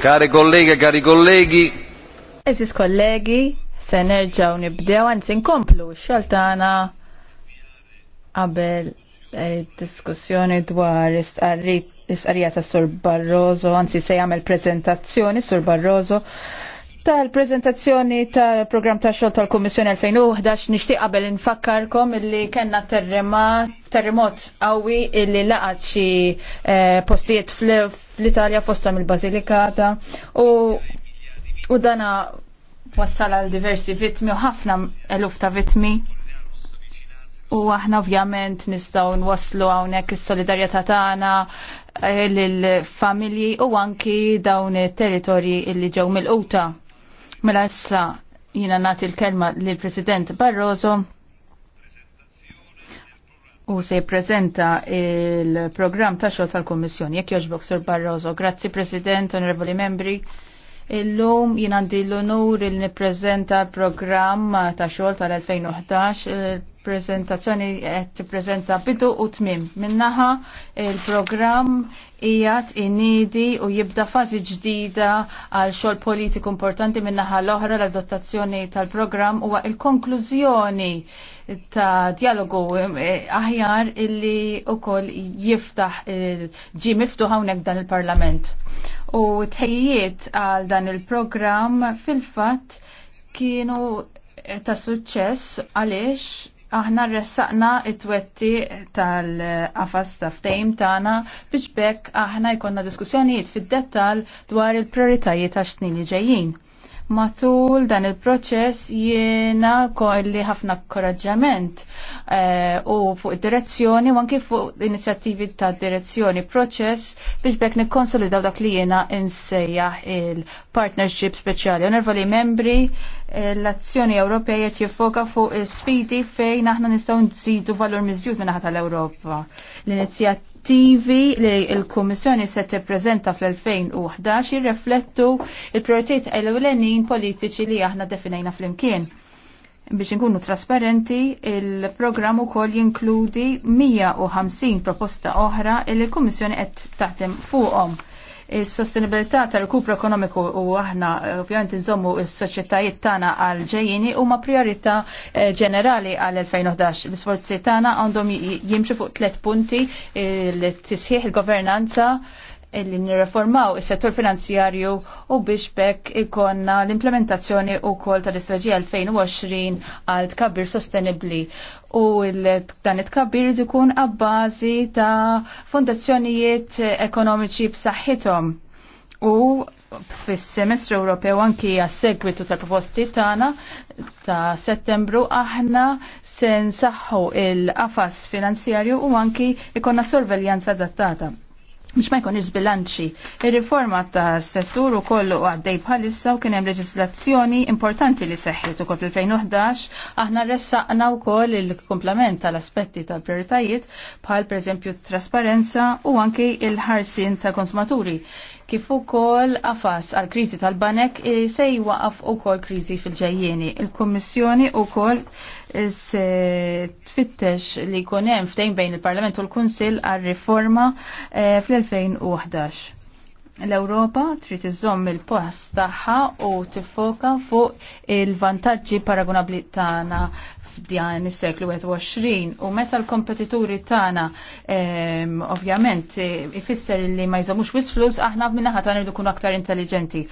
Kari kollega, kari kollegi. Eżis kollegi, se nerġaw nibdew, għanzi nkomplu xaltana qabel eh, diskussjoni dwar istqarrija ta' Sur Barroso, anzi se jagħmel prezentazzjoni Sur Barroso tal-prezentazzjoni tal-programm ta' xogħol tal-Kummissjoni 2011 nixtieq qabel infakkarkom illi kellna terremot qawwi illi laqat xi eh, postijiet fl-Italja fosthom il-Basilikata u u dana wassal għal diversi vittmi u ħafna eluf ta' vittmi u aħna ovvjament nistgħu nwasslu hawnhekk is-solidarjetà tagħna eh, lill-familji u anki dawn it-territorji illi ġew mill-quta. Mela issa jina nati l-kelma l-President Barroso u se prezenta il-program ta' xogħol tal-Kommissjoni. Jekk joġbok Sir Barroso, grazzi President, onorevoli membri. Illum jien għandi l-onur il nippreżenta l-programm ta' xogħol tal-2011 prezentazzjoni qed tippreżenta bidu u tmim. Minnaħa il-programm ijat inidi u jibda fażi ġdida għal xogħol politiku importanti minnaħa l-oħra l-adottazzjoni tal-programm huwa il-konklużjoni ta' dialogu eh, aħjar illi wkoll jiftaħ eh, ġi miftuħ hawnhekk dan il-Parlament. U tħejjiet għal dan il-programm fil-fatt kienu ta' suċċess għaliex aħna ressaqna it-twetti tal-qafas ta' ftejm tagħna biex bekk aħna jkollna diskussjonijiet fid-dettal dwar il-prioritajiet għax snin li ġejjin. Matul dan il-proċess jiena kolli ħafna korraġġament eh, u fuq direzzjoni u anki fuq inizjattivi ta' direzzjoni proċess biex bekk nikkonsolidaw dak li jiena insejjaħ il-partnership speċjali. Onervali membri l-azzjoni Ewropea qed jiffoka fuq sfidi fejn aħna nistgħu nżidu valur miżjud minn naħa tal-Ewropa. L-inizjatju direttivi li l-Kummissjoni se tippreżenta fl-2011 jirreflettu il-prioritajt ewlenin politiċi li aħna definejna fl-imkien. Biex nkunu trasparenti, il-programm ukoll jinkludi 150 proposta oħra li l-Kummissjoni qed taħdem fuqhom Is-sostenibilità tal-rikupru ekonomiku u aħna eh, ovvjament nżommu s-soċjetajiet tagħna għal ġejjini huma priorità eh, ġenerali għal 2011. L-isforzi tagħna għandhom jimxu fuq tliet punti l-tisħiħ il-governanza il governanza illi nirreformaw is-settur finanzjarju u biex bekk ikonna l-implementazzjoni u kol tal-istraġija 2020 għal tkabbir sostenibli u dan it-tkabbir ikun għabbażi ta' fondazzjonijiet ekonomiċi b'saħħithom u fis-semestru Ewropew anki għas-segwitu tal-proposti tagħna ta' Settembru aħna se nsaħħu il-qafas finanzjarju u anki ikonna sorveljanza adattata biex ma jkun iżbilanċi. Ir-riforma ta' settur u kollu għaddej bħalissa u kien hemm leġislazzjoni importanti li seħħet ukoll fil-2011 aħna ressaqna wkoll il-komplement tal-aspetti tal-prioritajiet bħal pereżempju trasparenza u anke il-ħarsin ta' konsumaturi kif ukoll afas għal kriżi tal-banek e, se jwaqaf ukoll kriżi fil ġajjeni Il-Kummissjoni ukoll e, se tfittex li jkun hemm bejn il-Parlament u l-Kunsill għal riforma e, fl-2011 l-Ewropa trid iżomm il-post tagħha u tiffoka fuq il-vantaġġi paragunabli tagħna f'dan is-seklu 21 u meta l-kompetituri tagħna ehm, ovvjament e, ifisser li ma jżomux wis flus aħna minnaħa tagħna rridu aktar intelligenti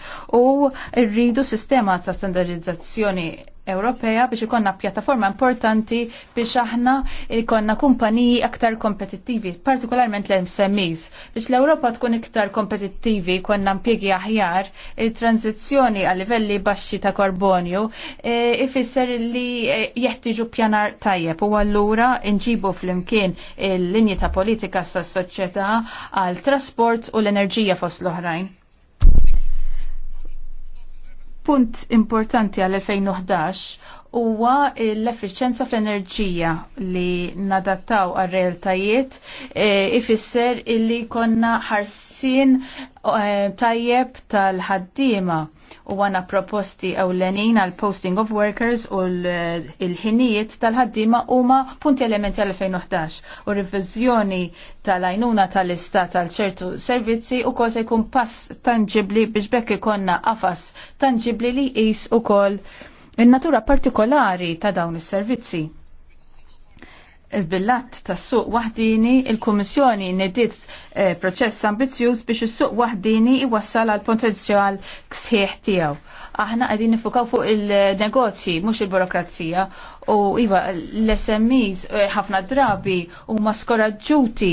u rridu sistema ta' standardizzazzjoni Ewropea biex ikonna pjattaforma importanti biex aħna ikonna kumpaniji aktar kompetittivi, partikolarment l-SMEs. Biex l-Ewropa tkun iktar kompetittivi, konna mpiegi aħjar, il-tranzizjoni għal livelli baxxi ta' karbonju, e, ifisser li e, jeħtiġu pjanar tajjeb u għallura nġibu fl-imkien il-linji ta' politika sa' soċjetà għal trasport u l-enerġija fost l-oħrajn. Punt importanti għal-2011 huwa l-effiċenza fl-enerġija li nadattaw għal realtajiet e, ifisser illi konna ħarsin e, tajjeb tal-ħaddiema u għana proposti ewlenin għal posting of workers u l-ħinijiet tal-ħaddima huma punti elementi għal 2011 u revizjoni tal-għajnuna tal-istat tal ċertu servizzi u kol se jkun pass tangibli biex bekk ikonna għafas tangibli li jis u kol il-natura partikolari ta' dawn is-servizzi il-billat tas suq wahdini, il-Kummissjoni nedit eh, proċess ambizjuż biex is-suq wahdini iwassal għal potenzjal ksieħ tiegħu. Aħna qegħdin nifukaw fuq il-negozji, mhux il-burokrazija, U iva, l-SMEs eh, ħafna drabi huma skoraġġuti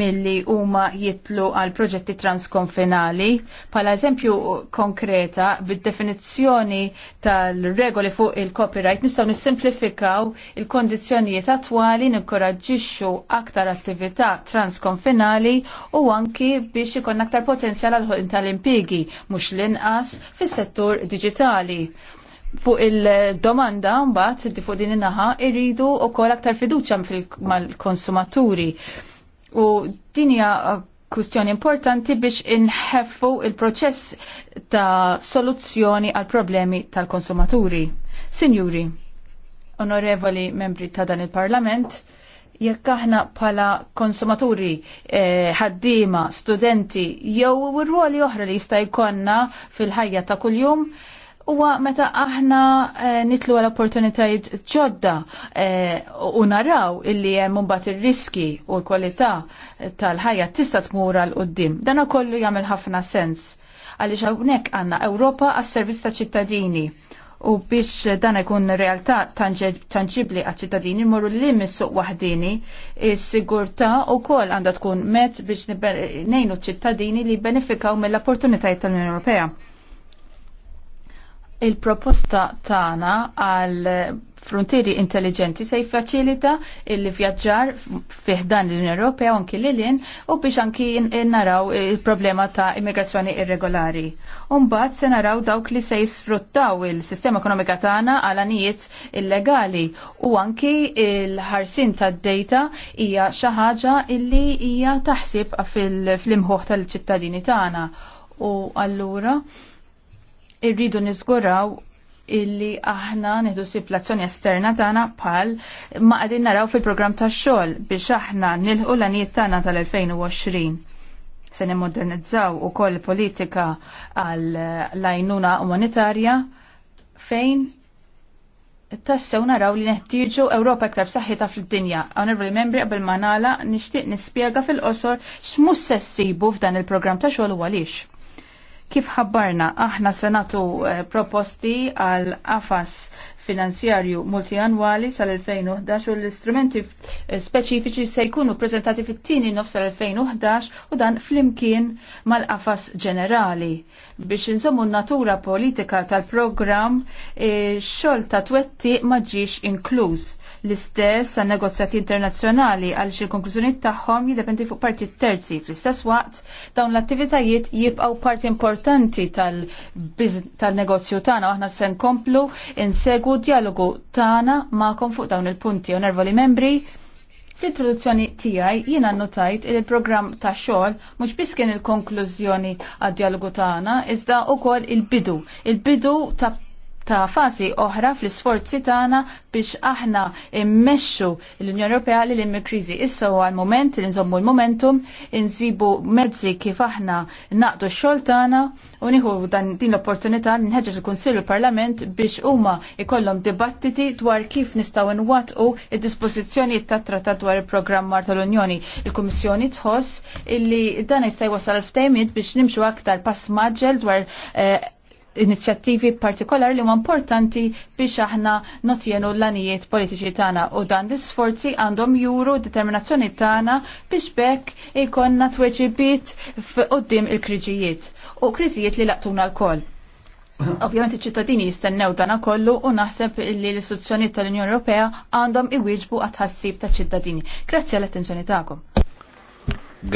milli huma jitlu għal proġetti transkonfinali. Pala eżempju konkreta, bid-definizzjoni tal-regoli fuq il-copyright nistgħu nissimplifikaw il-kondizzjonijiet attwali ninkoraġġixxu aktar attività transkonfinali u anki biex ikun aktar potenzjal għal tal-impigi mhux l-inqas fis-settur diġitali fuq il-domanda mbagħad fuq din in-naħa irridu wkoll aktar fiduċja mal-konsumaturi. U din hija kwistjoni importanti biex inħeffu il-proċess ta' soluzzjoni għal problemi tal-konsumaturi. Sinjuri, onorevoli membri ta' dan il-Parlament, jekk aħna pala konsumaturi, eh, ħaddiema, eh, studenti, jew ir-ruoli oħra li jista' jkollna fil-ħajja ta' kuljum, huwa meta aħna eh, nitlu għal opportunitajiet ġodda eh, u naraw illi hemm mbagħad ir-riski u l-kwalità tal-ħajja tista' tmur għal qudiem. Dan kollu jagħmel ħafna sens għaliex hawnhekk għandna Ewropa għas-servizz ta' ċittadini u biex dan ikun realtà tanġibli għal ċittadini mmorru li mis waħdini is-sigurtà wkoll għandha tkun met biex nejnu ċittadini li benefikaw mill-opportunitajiet tal-Unjoni Ewropea Il-proposta tagħna għal frontieri intelligenti se jiffaċilita il-vjaġġar fiħdan l-Unjoni Ewropea anki lilin u biex anki naraw il-problema ta' immigrazzjoni irregolari. Umbat se naraw dawk li se jisfruttaw il-sistema ekonomika tagħna għal anijiet illegali u anki il-ħarsin tad data hija xi ħaġa illi hija taħsib fil-imħuħ tal-ċittadini tagħna. U allura irridu niżguraw illi aħna nieħdu siplazzjoni esterna tagħna bħal ma qegħdin naraw fil-programm tax-xogħol biex aħna nilħu l-għanijiet tagħna tal-2020 se nimmodernizzaw ukoll politika għal lajnuna umanitarja fejn tassew naraw li neħtieġu Ewropa iktar saħħita fid-dinja. Honorable Membri qabel ma nagħlaq nixtieq nispjega fil-qosor x'mhux se ssibu f'dan il-programm ta' xogħol u għaliex. Kif ħabbarna, aħna senatu eh, proposti għal afas finanzjarju multianwali sal-2011 u l-istrumenti eh, speċifiċi se jkunu prezentati fit-tieni nofs sal-2011 u dan flimkien mal-qafas ġenerali. Biex nżommu natura politika tal-programm eh, xol ta' twetti maġiex inkluż l-istess għan negozjati internazzjonali għal xil konklużjoni tagħhom jiddependi fuq parti terzi. Fl-istess waqt dawn l-attivitajiet jibqgħu parti importanti tal-negozju tal tagħna aħna se nkomplu insegu dialogu tagħna magħkom fuq dawn il-punti. Onervoli membri, Fl-introduzzjoni tiegħi jiena notajt il programm ta' xogħol mhux biss kien il-konklużjoni għad-dialogu tagħna, iżda wkoll il-bidu, il-bidu ta' ta' fasi oħra fl-isforzi tagħna biex aħna immexxu l-Unjoni Ewropea li hemm kriżi. Issa huwa l-mument li nżommu l-momentum, insibu mezzi kif aħna naqdu x-xogħol tagħna u nieħu dan din l-opportunità li nħeġġeġ il-Kunsill u l-Parlament biex huma ikollhom dibattiti dwar kif nistgħu nwattqu id-dispożizzjonijiet ta' trattat dwar il-programmar tal-Unjoni. Il-Kummissjoni tħoss illi dan jista' jwassal ftejmiet biex nimxu aktar pass maġġel dwar eh, inizjattivi partikolari li huma importanti biex aħna notjenu l-anijiet politiċi tagħna u dan l-isforzi għandhom juru determinazzjoni tagħna biex bekk ikonna tweġibiet f'quddiem il-kriġijiet u kriżijiet li laqtuna l-koll. Ovvjament iċ-ċittadini jistennew dana kollu u naħseb li l-istituzzjoni tal-Unjoni Ewropea għandhom iwieġbu għat-ħassib ta' ċittadini. Grazzi għall-attenzjoni tagħkom.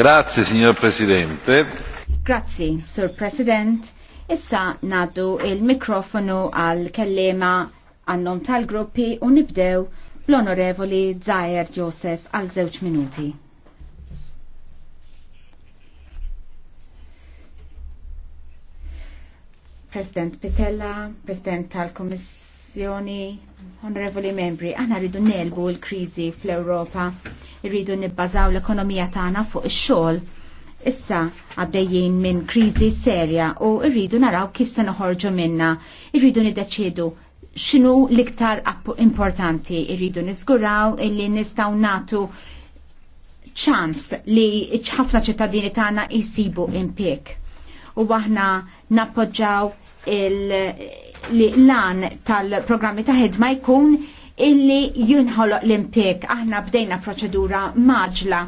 Grazzi, signor Presidente. Grazzi, Sir President. Issa naddu il-mikrofonu għal kellema għannom tal-gruppi u nibdew l-onorevoli Zajer Joseph għal żewġ minuti. President Pitella, President tal-Komissjoni, onorevoli membri, aħna rridu nelbu l-krizi fl-Europa, rridu nibbażaw l-ekonomija tagħna fuq ix-xogħol Issa għabdejjien minn kriżi serja u rridu naraw kif se noħorġu minna. Irridu niddeċiedu x'inhu l-iktar importanti, irridu niżguraw illi nistgħu natu ċans li ħafna ċittadini tagħna jsibu impjek. U aħna nappoġġaw il-lan tal-programmi ta' ħidma jkun illi jinħoloq l-impik. Aħna bdejna proċedura maġla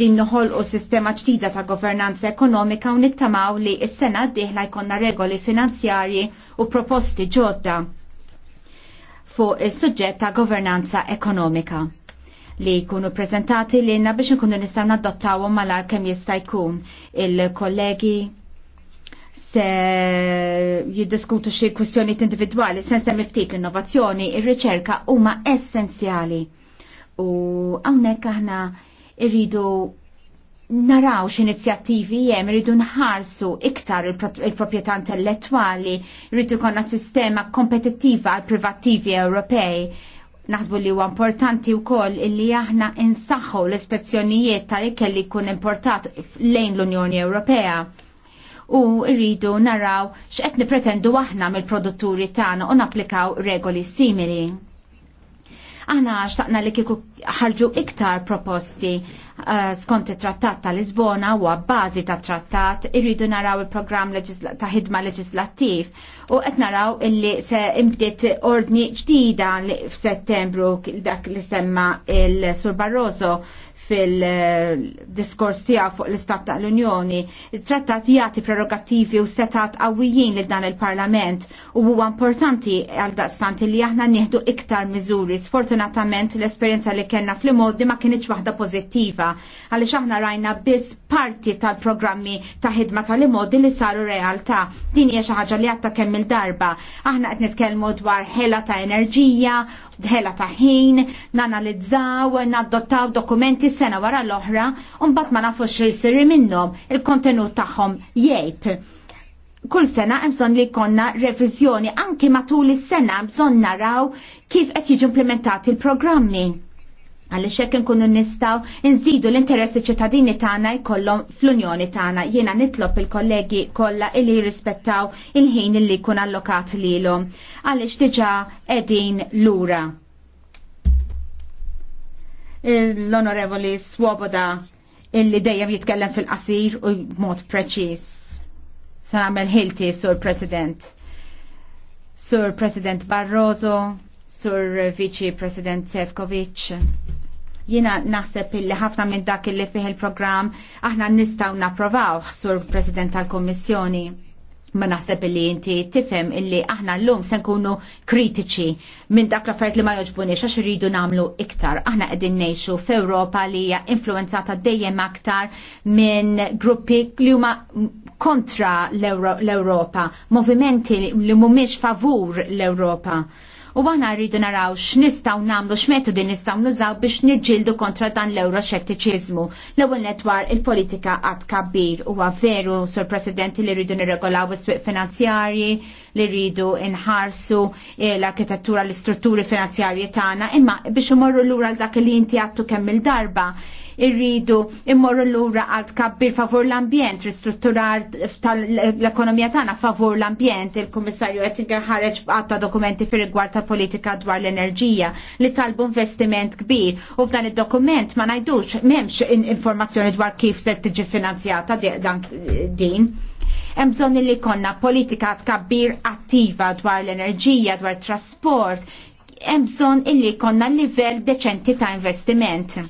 din noħol u sistema ġdida ta' governanza ekonomika u nittamaw li s-sena d-dihla jkonna regoli finanzjarji u proposti ġodda fuq il sujġet ta' governanza ekonomika li jkunu prezentati li biex nkunu nistan adottawu malar kemm jista' jkun il-kollegi se jiddiskutu xi kwistjonijiet individwali sens hemm ftit l-innovazzjoni, ir-riċerka huma essenzjali. U hawnhekk aħna irridu naraw x'inizjattivi hemm irridu nħarsu iktar il-proprjetà intellettwali, irridu jkollna sistema kompetittiva għal privattivi Ewropej. Naħsbu li huwa importanti wkoll illi aħna insaħħu l-ispezzjonijiet tal-ikel li jkun importat lejn l-Unjoni Ewropea u rridu naraw x'qed nipretendu aħna mill-produtturi tagħna u napplikaw regoli simili. Aħna xtaqna li kieku ħarġu iktar proposti uh, skont it-trattat ta' Lisbona u għabbażi ta' trattat irridu naraw il-programm ta' ħidma leġislattiv u qed naraw illi se imbdiet ordni ġdida f'Settembru dak li semma il-Sur Barroso fil-diskors tiegħu fuq l-Istat tal-Unjoni. Il-trattat jagħti prerogattivi u setat qawwijin lil dan il-Parlament u huwa importanti għal daqstant li aħna nieħdu iktar miżuri. Sfortunatament l-esperjenza li kellna fl-modi ma kienieċ waħda pożittiva għaliex aħna rajna biss parti tal-programmi ta' ħidma tal-imodi li saru realtà. Din hija xi ħaġa li għatta kemm il-darba. Aħna qed nitkellmu dwar ħela ta' enerġija, ħela ta' ħin, nanalizzaw, naddottaw dokumenti sena wara l-oħra, unbat ma nafux xil sirri minnom il-kontenut tagħhom jgħid. Kull sena bżonn li konna reviżjoni anki matul is-sena bżonn naraw kif qed jiġu implementati l-programmi għaliex hekk nkunu nistgħu nżidu l-interessi ċittadini tagħna jkollhom fl-Unjoni tagħna. Jiena nitlob il-kollegi kollha illi jirrispettaw il-ħin illi jkun allokat lilhom għaliex diġà qegħdin lura l-Onorevoli Swoboda illi dejjem jitkellem fil-qasir u mod preċis. Sa nagħmel ħilti, Sur President. Sur President Barroso, Sur Vici President Sefkovic. Jiena naħseb illi ħafna minn dak illi fih il-programm aħna nistgħu napprovawh, Sur President tal-Kummissjoni ma naħseb illi inti tifhem illi aħna llum se nkunu kritiċi minn dak l-affarijiet li ma jogħġbunix għax iridu nagħmlu iktar. Aħna qegħdin ngħixu f'Ewropa li hija influenzata dejjem aktar minn gruppi li huma kontra l-Ewropa, movimenti li mhumiex favur l-Ewropa. U għana rridu naraw x'nistgħu nagħmlu x'metodi nistgħu nużaw biex niġġieldu kontra dan l-euroxettiċiżmu. L-ewwel netwar il-politika għad kabbir huwa veru sur Presidenti li rridu nirregolaw is-swieq finanzjarji, li rridu nħarsu eh, l-arkitettura l-istrutturi finanzjarji tagħna, imma biex imorru lura dak li inti għattu kemm il-darba irridu immorru lura għal kabbir favur l-ambjent, ristrutturar l ekonomija tagħna favur l-ambjent. Il-Kummissarju Ettinger ħareġ għatta dokumenti fir rigward tal-politika dwar l-enerġija li talbu investiment kbir u f'dan id-dokument ma ngħidux m'hemmx informazzjoni dwar kif se tiġi finanzjata din hemm bżonn li konna politika tkabbir attiva dwar l-enerġija, dwar trasport, hemm bżonn illi konna livell deċenti ta' investiment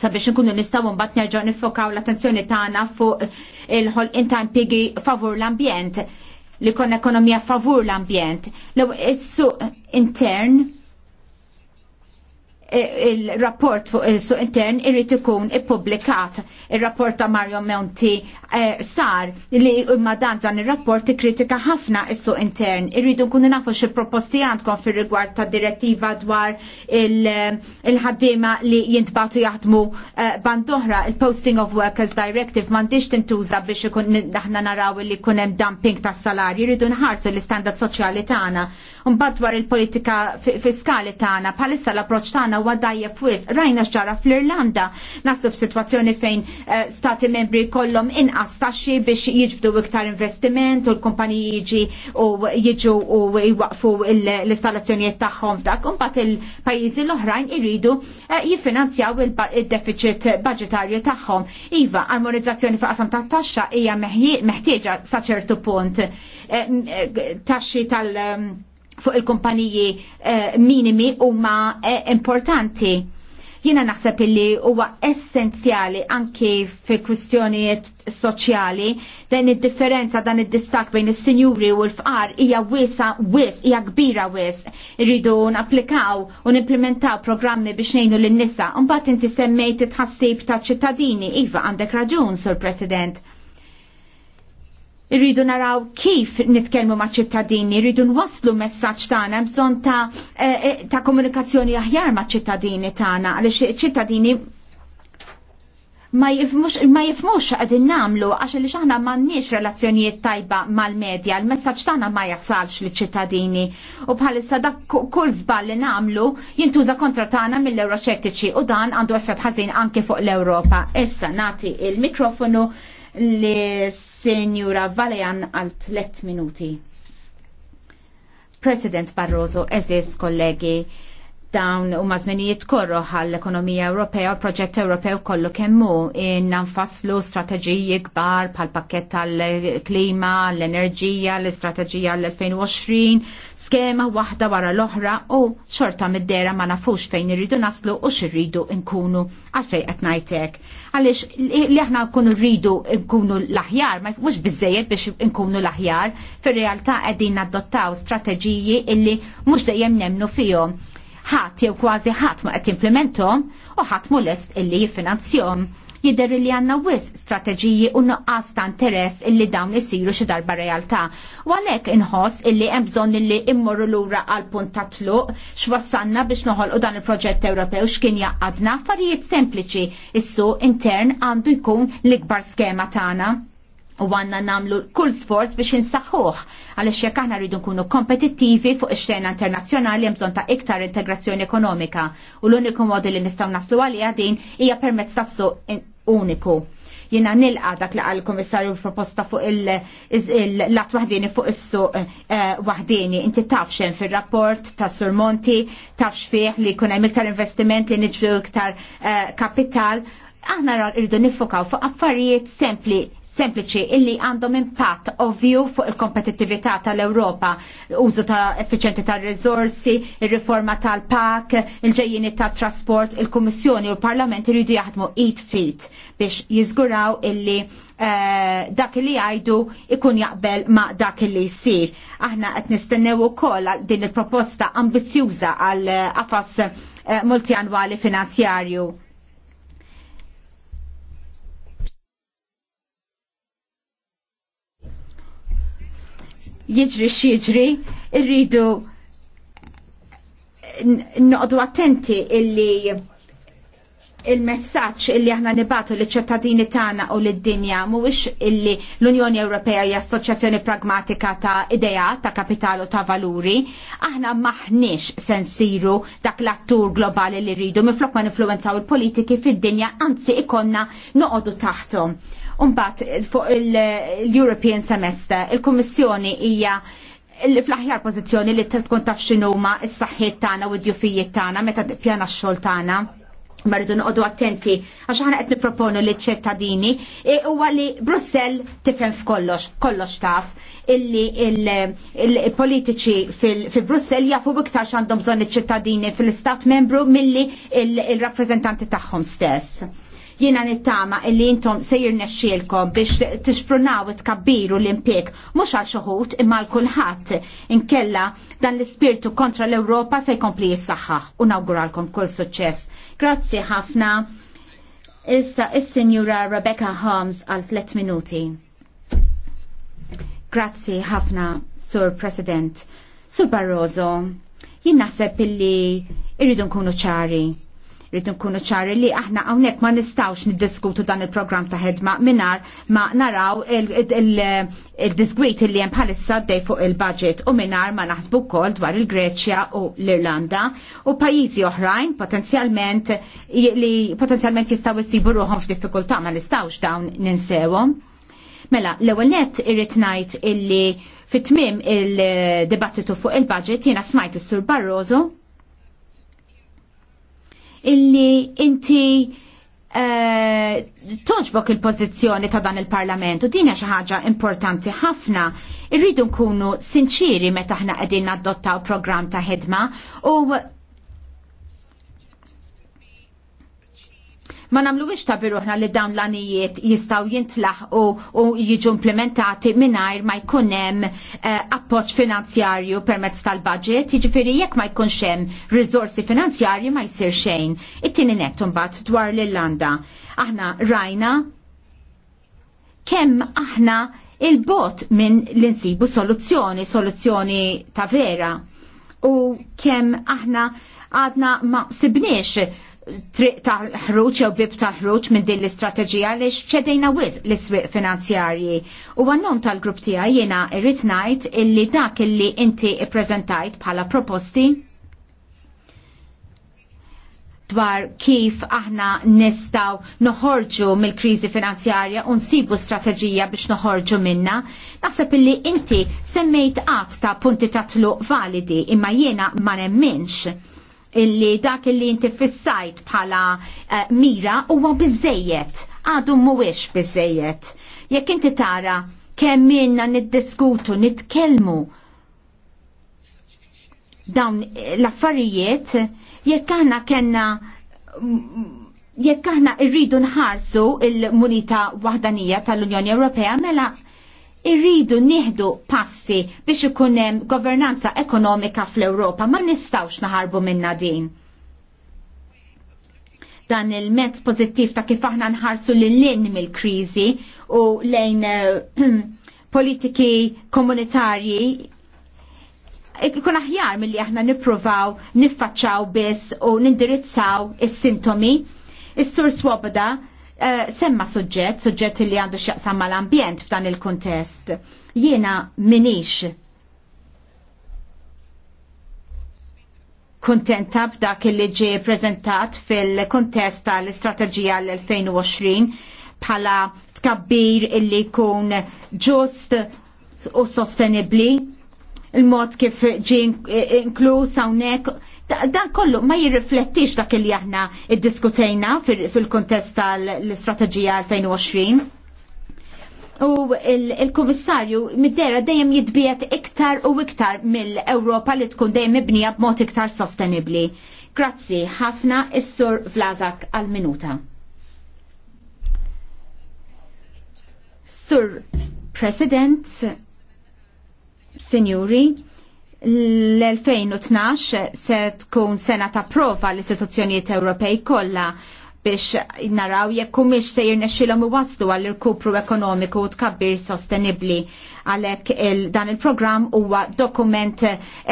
sabiex nkunu nistaw mbagħad nerġgħu nifokaw l-attenzjoni tagħna fuq il ħol ta' pigi favur l-ambjent li kon ekonomija favur l-ambjent. L-suq intern E, il-rapport fuq il-suq intern irrit ikun ippubblikat. Il-rapport ta' Mario Monti e, sar li madan dan il-rapport kritika ħafna is-suq intern. Irridu nkunu nafu xi proposti għandkom fir-rigward ta' direttiva dwar il-ħaddiema li jintbatu jaħdmu e, bandoħra il-Posting of Workers Directive m'għandix tintuża biex ikun aħna naraw li jkun hemm dumping tas salari. Irridu nħarsu l-istandard soċjali tagħna. Mbagħad dwar il-politika fiskali tagħna, bħalissa l-approċċ tagħna għawa dajjef wisq. Rajna x'ġara fl-Irlanda f f'sitwazzjoni fejn eh, stati membri kollhom inqas taxxi biex jiġbdu iktar investiment u l-kumpaniji jiġi u jiġu u jwaqfu l-installazzjonijiet tagħhom f'dak. Imbagħad il-pajjiżi l-oħrajn iridu eh, jiffinanzjaw il-deficit budgetarju tagħhom. Iva, armonizzazzjoni fuq qasam tat-taxxa hija meħtieġa sa ċertu punt. Eh, taxxi tal- fuq il-kumpaniji eh, minimi huma eh, importanti. Jiena naħseb illi huwa essenzjali anki fi kwistjonijiet soċjali dan id-differenza dan id-distak bejn is-sinjuri u l-fqar hija wiesa wis, hija kbira wis. Irridu napplikaw u nimplementaw programmi biex ngħinu lin-nisa. Imbagħad inti semmejt it-tħassib ta' ċittadini, iva għandek raġun, Sur President Irridu naraw kif nitkellmu ma' ċittadini, irridu nwaslu messaġġ tagħna bżonn ta', eh, eh, ta komunikazzjoni aħjar ma' ċittadini tagħna għaliex ċittadini ma jifmux ma jifmux għadin namlu għax li xaħna m'għandniex relazzjonijiet tajba mal-medja, l-messagġ tagħna ma jasalx li ċittadini u bħalissa dak kull żball li namlu jintuża kontra tagħna mill-euroċettiċi u dan għandu effett ħażin anke fuq l-Ewropa. Issa nati il-mikrofonu li Senjura Valejan għal 3 minuti. President Barroso, eżis kollegi, dawn u mażminijiet korro għall-ekonomija Ewropea u proġett Ewropew kollu kemmu inna nfasslu strateġiji kbar pal pakket tal-klima, l-enerġija, l-istrateġija l-2020, skema waħda wara l-oħra u xorta mid-dera ma nafux fejn irridu naslu u xirridu nkunu għalfej qed għaliex li aħna nkunu rridu nkunu l-aħjar, ma mhux bizzejed biex nkunu l-aħjar, fir-realtà qegħdin nadottaw strateġiji illi mhux dejjem nemnu fihom. Ħadd jew kważi ħadd ma qed implementhom u ħadd mu lest illi jiffinanzjom jidher li għandna wis strateġiji u nuqqas ta' interess illi dawn isiru xi darba realtà. U għalhekk inħoss illi hemm bżonn illi immorru lura għal punt ta' tluq x'wassanna biex noħolqu dan il-proġett Ewropew x'kien jaqadna affarijiet sempliċi issu intern għandu jkun l-ikbar skema tagħna u għanna namlu kull sport biex insaħħuħ għalix jekk aħna rridu nkunu kompetittivi fuq ix-xena internazzjonali hemm bżonn ta' iktar integrazzjoni ekonomika u l-uniku modi li nistgħu naslu għalija din hija permezz tas-suq uniku. Jina nilqa dak li għal-komissarju proposta fuq il-lat wahdini fuq issu suq eh, wahdini. Inti tafxen fil-rapport ta' Surmonti, tafx fih li kunem iktar investiment li nġbdu iktar eh, kapital. Aħna rridu nifokaw fuq affarijiet sempli sempliċi illi għandhom impatt ovvju fuq il-kompetittività tal-Ewropa, użu ta' effiċenti tal-rizorsi, il-riforma tal-PAK, il-ġejjini tal-trasport, il-Kummissjoni u l-Parlament iridu jaħdmu eat fit biex jizguraw illi uh, dak li għajdu ikun jaqbel ma' dak li jisir. Aħna qed nistennew ukoll din il-proposta ambizjuża għal eh, qafas uh, multianwali finanzjarju jiġri x'jiġri, irridu noqdu attenti illi il-messaċ illi aħna nibatu li ċittadini tagħna u lid-dinja mhuwiex illi l-Unjoni Ewropea hija assoċjazzjoni pragmatika ta' idea, ta' kapitalu ta' valuri, aħna maħniex sensiru dak l-attur globali li rridu minflok ma nifluwenzaw il-politiki fid-dinja, anzi ikonna noqogħdu taħtom. Umbat fuq il-European Semester, il-Kommissjoni hija fl-aħjar pożizzjoni li tkun taf x'inhuma s-saħħiet tagħna u d-djufijiet tagħna meta pjana x-xogħol tagħna marridu noqogħdu attenti għax aħna qed nipproponu li ċ-ċittadini e, huwa li Brussell tifhem f'kollox, kollox taf illi il-politiċi fil brussell jafu biktar għandhom bżonn iċ-ċittadini fil-Istat membru milli il-rappreżentanti tagħhom stess Jiena nittama illi intom sejr nesċilkom biex tixprunaw kabbiru l impiek mhux għal xuħut imma l kulħadd inkella dan l-ispirtu kontra l-Ewropa se jkompli jissaħħaħ u nawguralkom kull suċċess. Grazzi ħafna. Issa is senjura Rebecca Holmes għal 3 minuti. Grazzi ħafna, Sur President. Sur Barroso, jien naħseb illi irridu nkunu ċari. Rrid nkunu ċari li aħna hawnhekk ma nistgħux niddiskutu dan il-programm ta' ħedma minar ma naraw il-disgwit li hemm bħalissa dej fuq il-budget u minar ma naħsbu wkoll dwar il-Greċja u l-Irlanda u pajjiżi oħrajn potenzjalment li potenzjalment jistgħu jsibu ruħhom f'diffikultà ma nistgħux dawn ninsewhom. Mela, l-ewwel nett irrid ngħid illi fit-tmiem il-dibattitu fuq il-budget jiena smajt is-Sur Barroso illi inti Uh, toġbok il-pozizjoni ta' dan il-parlament u dinja xi ħaġa importanti ħafna. Irridu nkunu sinċiri meta aħna qegħdin naddottaw programm ta' ħidma u Ma nagħmluwiex ta' biruħna li dawn l-anijiet jistgħu jintlaħqu u jiġu implementati mingħajr ma jkun hemm eh, appoġġ finanzjarju permezz tal-budget, jiġifieri jekk ma jkunx hemm rizorsi finanzjarji ma jsir xejn. It-tieni nett imbagħad dwar l-Irlanda. Aħna rajna kemm aħna il-bot minn l-insibu soluzzjoni, soluzzjoni ta' vera. U kemm aħna għadna ma sibniex triq ta' ħruġ jew bib ta' ħruġ minn din l-istrateġija li xċedejna wis l-iswiq finanzjarji. U għannom tal-grupp tiegħi jiena irrit ngħid illi dak illi inti prezentajt bħala proposti dwar kif aħna nistaw noħorġu mill-kriżi finanzjarja u nsibu strateġija biex noħorġu minna. Naħseb illi inti semmejt qatt ta' punti ta' tluq validi imma jiena ma nemminx illi dak illi inti fissajt bħala uh, mira huwa biżejjed, għadu mhuwiex biżejjed. Jekk inti tara kemm minna niddiskutu, nitkellmu dawn l-affarijiet jekk aħna kellna jekk aħna rridu nħarsu il-munita waħdanija tal-Unjoni Ewropea mela irridu nieħdu passi biex ikun hemm governanza ekonomika fl-Ewropa, ma nistawx naħarbu minna din. Dan il-mezz pożittiv ta' kif aħna nħarsu lil-lin mill-kriżi u lejn eh, politiki komunitarji ikun aħjar milli aħna nippruvaw niffaċċaw biss u nindirizzaw is-sintomi. Is-sur Swoboda Eh, semma suġġett, suġġett li għandu x'jaqsam mal-ambjent f'dan il-kuntest. Jiena minix kontenta b'dak li ġie prezentat fil-kontest tal-istrateġija l-2020 bħala tkabbir illi jkun ġust u sostenibli il-mod kif ġie eh, inkluż hawnhekk dan kollu ma jirriflettix dak li aħna iddiskutejna fil-kontest tal-istrateġija 2020. U il-komissarju middera dejjem jitbiet iktar u iktar mill-Ewropa li tkun dejjem mibnija b'mod iktar sostenibli. Grazzi ħafna is-sur Vlazak għal-minuta. Sur President, Signori, l-2012 se tkun sena ta' prova l-istituzzjonijiet Ewropej kollha biex naraw jekk mhix se jirnexxilhom iwasslu għall irkupru ekonomiku u tkabbir sostenibbli għalhekk il dan il-programm huwa dokument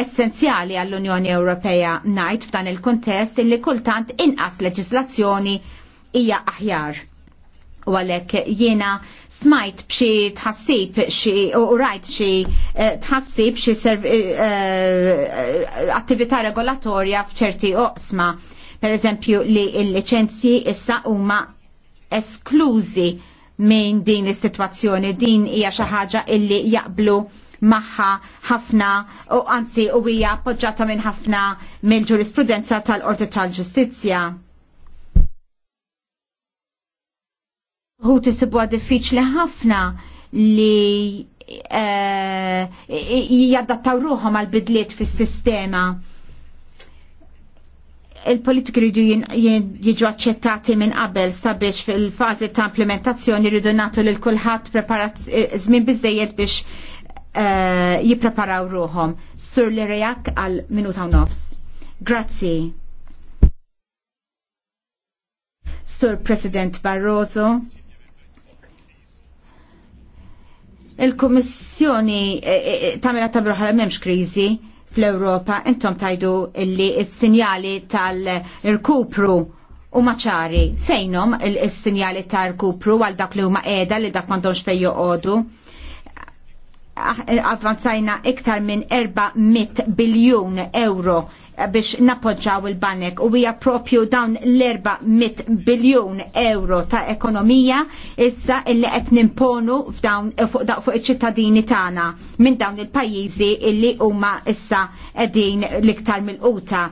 essenzjali għall-Unjoni Ewropea ngħid f'dan il-kuntest illi kultant inqas leġislazzjoni hija aħjar u għalek jiena smajt bxi tħassib xi u rajt xi eh, tħassib xi eh, eh, attività regolatorja f'ċerti oqsma. Per eżempju li l-licenzji issa huma esklużi minn din is-sitwazzjoni din hija xi ħaġa illi jaqblu maħħa ħafna u anzi u hija appoġġata minn ħafna mill-ġurisprudenza tal-Qorti tal-Ġustizzja. tal tal ġustizzja Hu tisibuha diffiċli ħafna li eh, jaddattaw ruħom għal bidliet fis sistema il politiku rridu jiġu accettati minn qabel sabiex fil-fazi ta' implementazzjoni rridu natu lil kulħadd eh, żmien biżejjed biex eh, jippreparaw ruhom. Sur li rejak għal minuta nofs. Grazzi. Sur President Barroso. Il-Kummissjoni eh, eh, eh, tamela tabruħa memx kriżi fl-Europa intom tajdu illi il-sinjali tal rkupru u maċari fejnom il-sinjali tal rkupru għal dak li huma qiegħda li dak m'għandhomx fejn joqogħdu avvanzajna iktar minn 400 biljun euro biex napoġġaw il-banek u hija propju dawn l-400 biljun euro ta' ekonomija issa illi qed nimponu fuq iċ-ċittadini tagħna minn dawn il-pajjiżi illi huma issa qegħdin l-iktar mill-quta.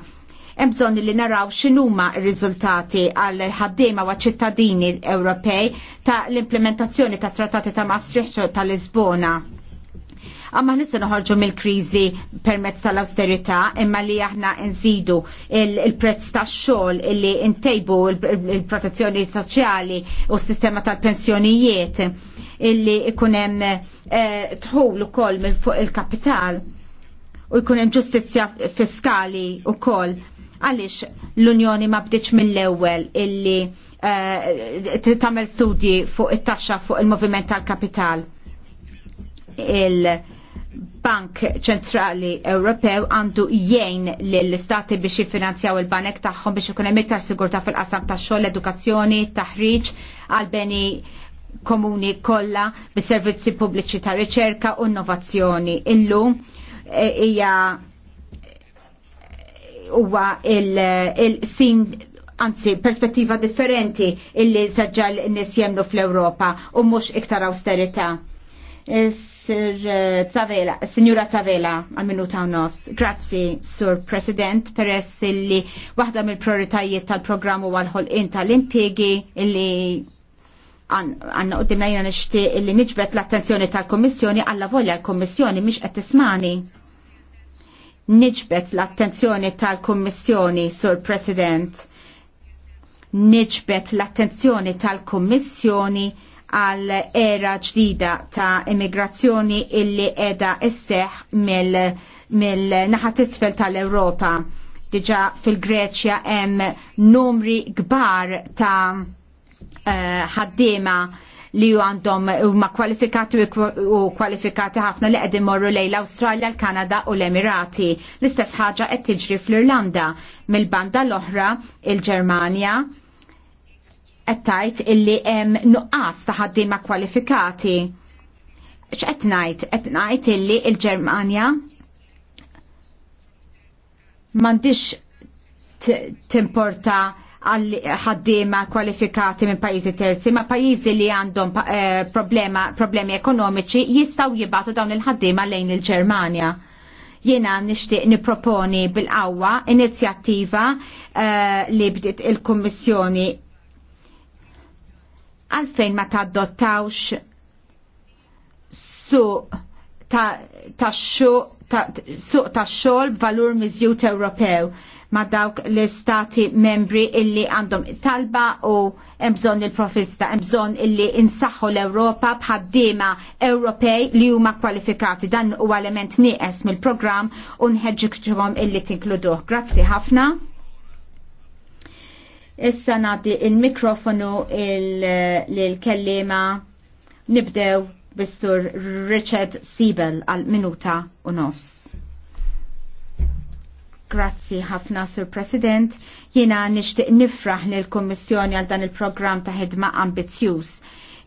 Hemm bżonn li naraw x'inhuma r-riżultati għal ħaddiema wa ċittadini Ewropej ta' l-implementazzjoni tat trattati ta' Maastricht tal-Lisbona Amma nissa noħorġu mill-krizi permezz tal-austerità imma li aħna nżidu il-prezz tax-xogħol illi ntejbu il-protezzjoni soċjali u s-sistema tal-pensjonijiet illi ikun hemm eh, tħul ukoll minn fuq il-kapital u jkun hemm ġustizzja fiskali ukoll għaliex l-Unjoni ma bdiċ mill-ewwel illi eh, tagħmel studji fuq it-taxxa fuq il-moviment tal-kapital il-Bank Ċentrali Ewropew għandu jgħin l-istati biex jiffinanzjaw il-banek tagħhom biex ikun hemm iktar sigurtà fil-qasam tax-xogħol, edukazzjoni, taħriġ għal beni komuni kollha bis-servizzi pubbliċi ta' riċerka u innovazzjoni. Illum eh, hija huwa il-sin anzi perspettiva differenti illi saġġal nis jemnu fl-Europa u mux iktar austerita. Is Sir eh, Tavela, Signora Tavela, għal-minuta nofs. Grazzi, Sur President, peress li waħda mill-prioritajiet tal-programmu għal in tal-impiegi illi għanna u dimna jina nishti illi nġbet l-attenzjoni tal-Kommissjoni għalla volja l-Kommissjoni miex qed tismani. Nġbet l-attenzjoni tal-Kommissjoni, Sur President, nġbet l-attenzjoni tal-Kommissjoni għal era ġdida ta' immigrazzjoni illi edha esseħ mill-naħat isfel tal-Europa. Diġa fil-Greċja hemm numri kbar ta' eh, ħaddiema li ju għandhom huma kwalifikati u kwalifikati ħafna li qegħdin morru lejn l-Awstralja, l-Kanada u l-Emirati. L-istess ħaġa qed tiġri fl-Irlanda mill-banda l-oħra il-Ġermanja qed tgħid illi hemm nuqqas ta' ħaddiema kwalifikati. X'qed ngħid? Qed ngħid illi l-Ġermanja m'għandix timporta għal ħaddiema kwalifikati minn pajjiżi terzi, ma pajjiżi li għandhom eh, problemi ekonomiċi jistgħu jibgħatu dawn il-ħaddiema lejn il-Ġermanja. Jiena nixtieq niproponi bil-qawwa inizjattiva uh, li bdiet il-Kummissjoni għalfejn ma tadottawx suq suq ta' xogħol b'valur mizjut Ewropew ma' dawk l-istati membri illi għandhom talba u hemm bżonn il-profista, hemm bżonn illi insaħħu l-Ewropa bħaddiema Ewropej li huma kwalifikati dan huwa element nieqes mill-programm u nħeġġikhom illi tinkluduh. Grazzi ħafna. Issa nati il-mikrofonu il-kellima nibdew bis-sur Richard Siebel għal minuta u nofs. Grazzi ħafna sur President, jiena nixtieq nifraħ lill kummissjoni għal dan il-programm ta' ħidma ambizjuż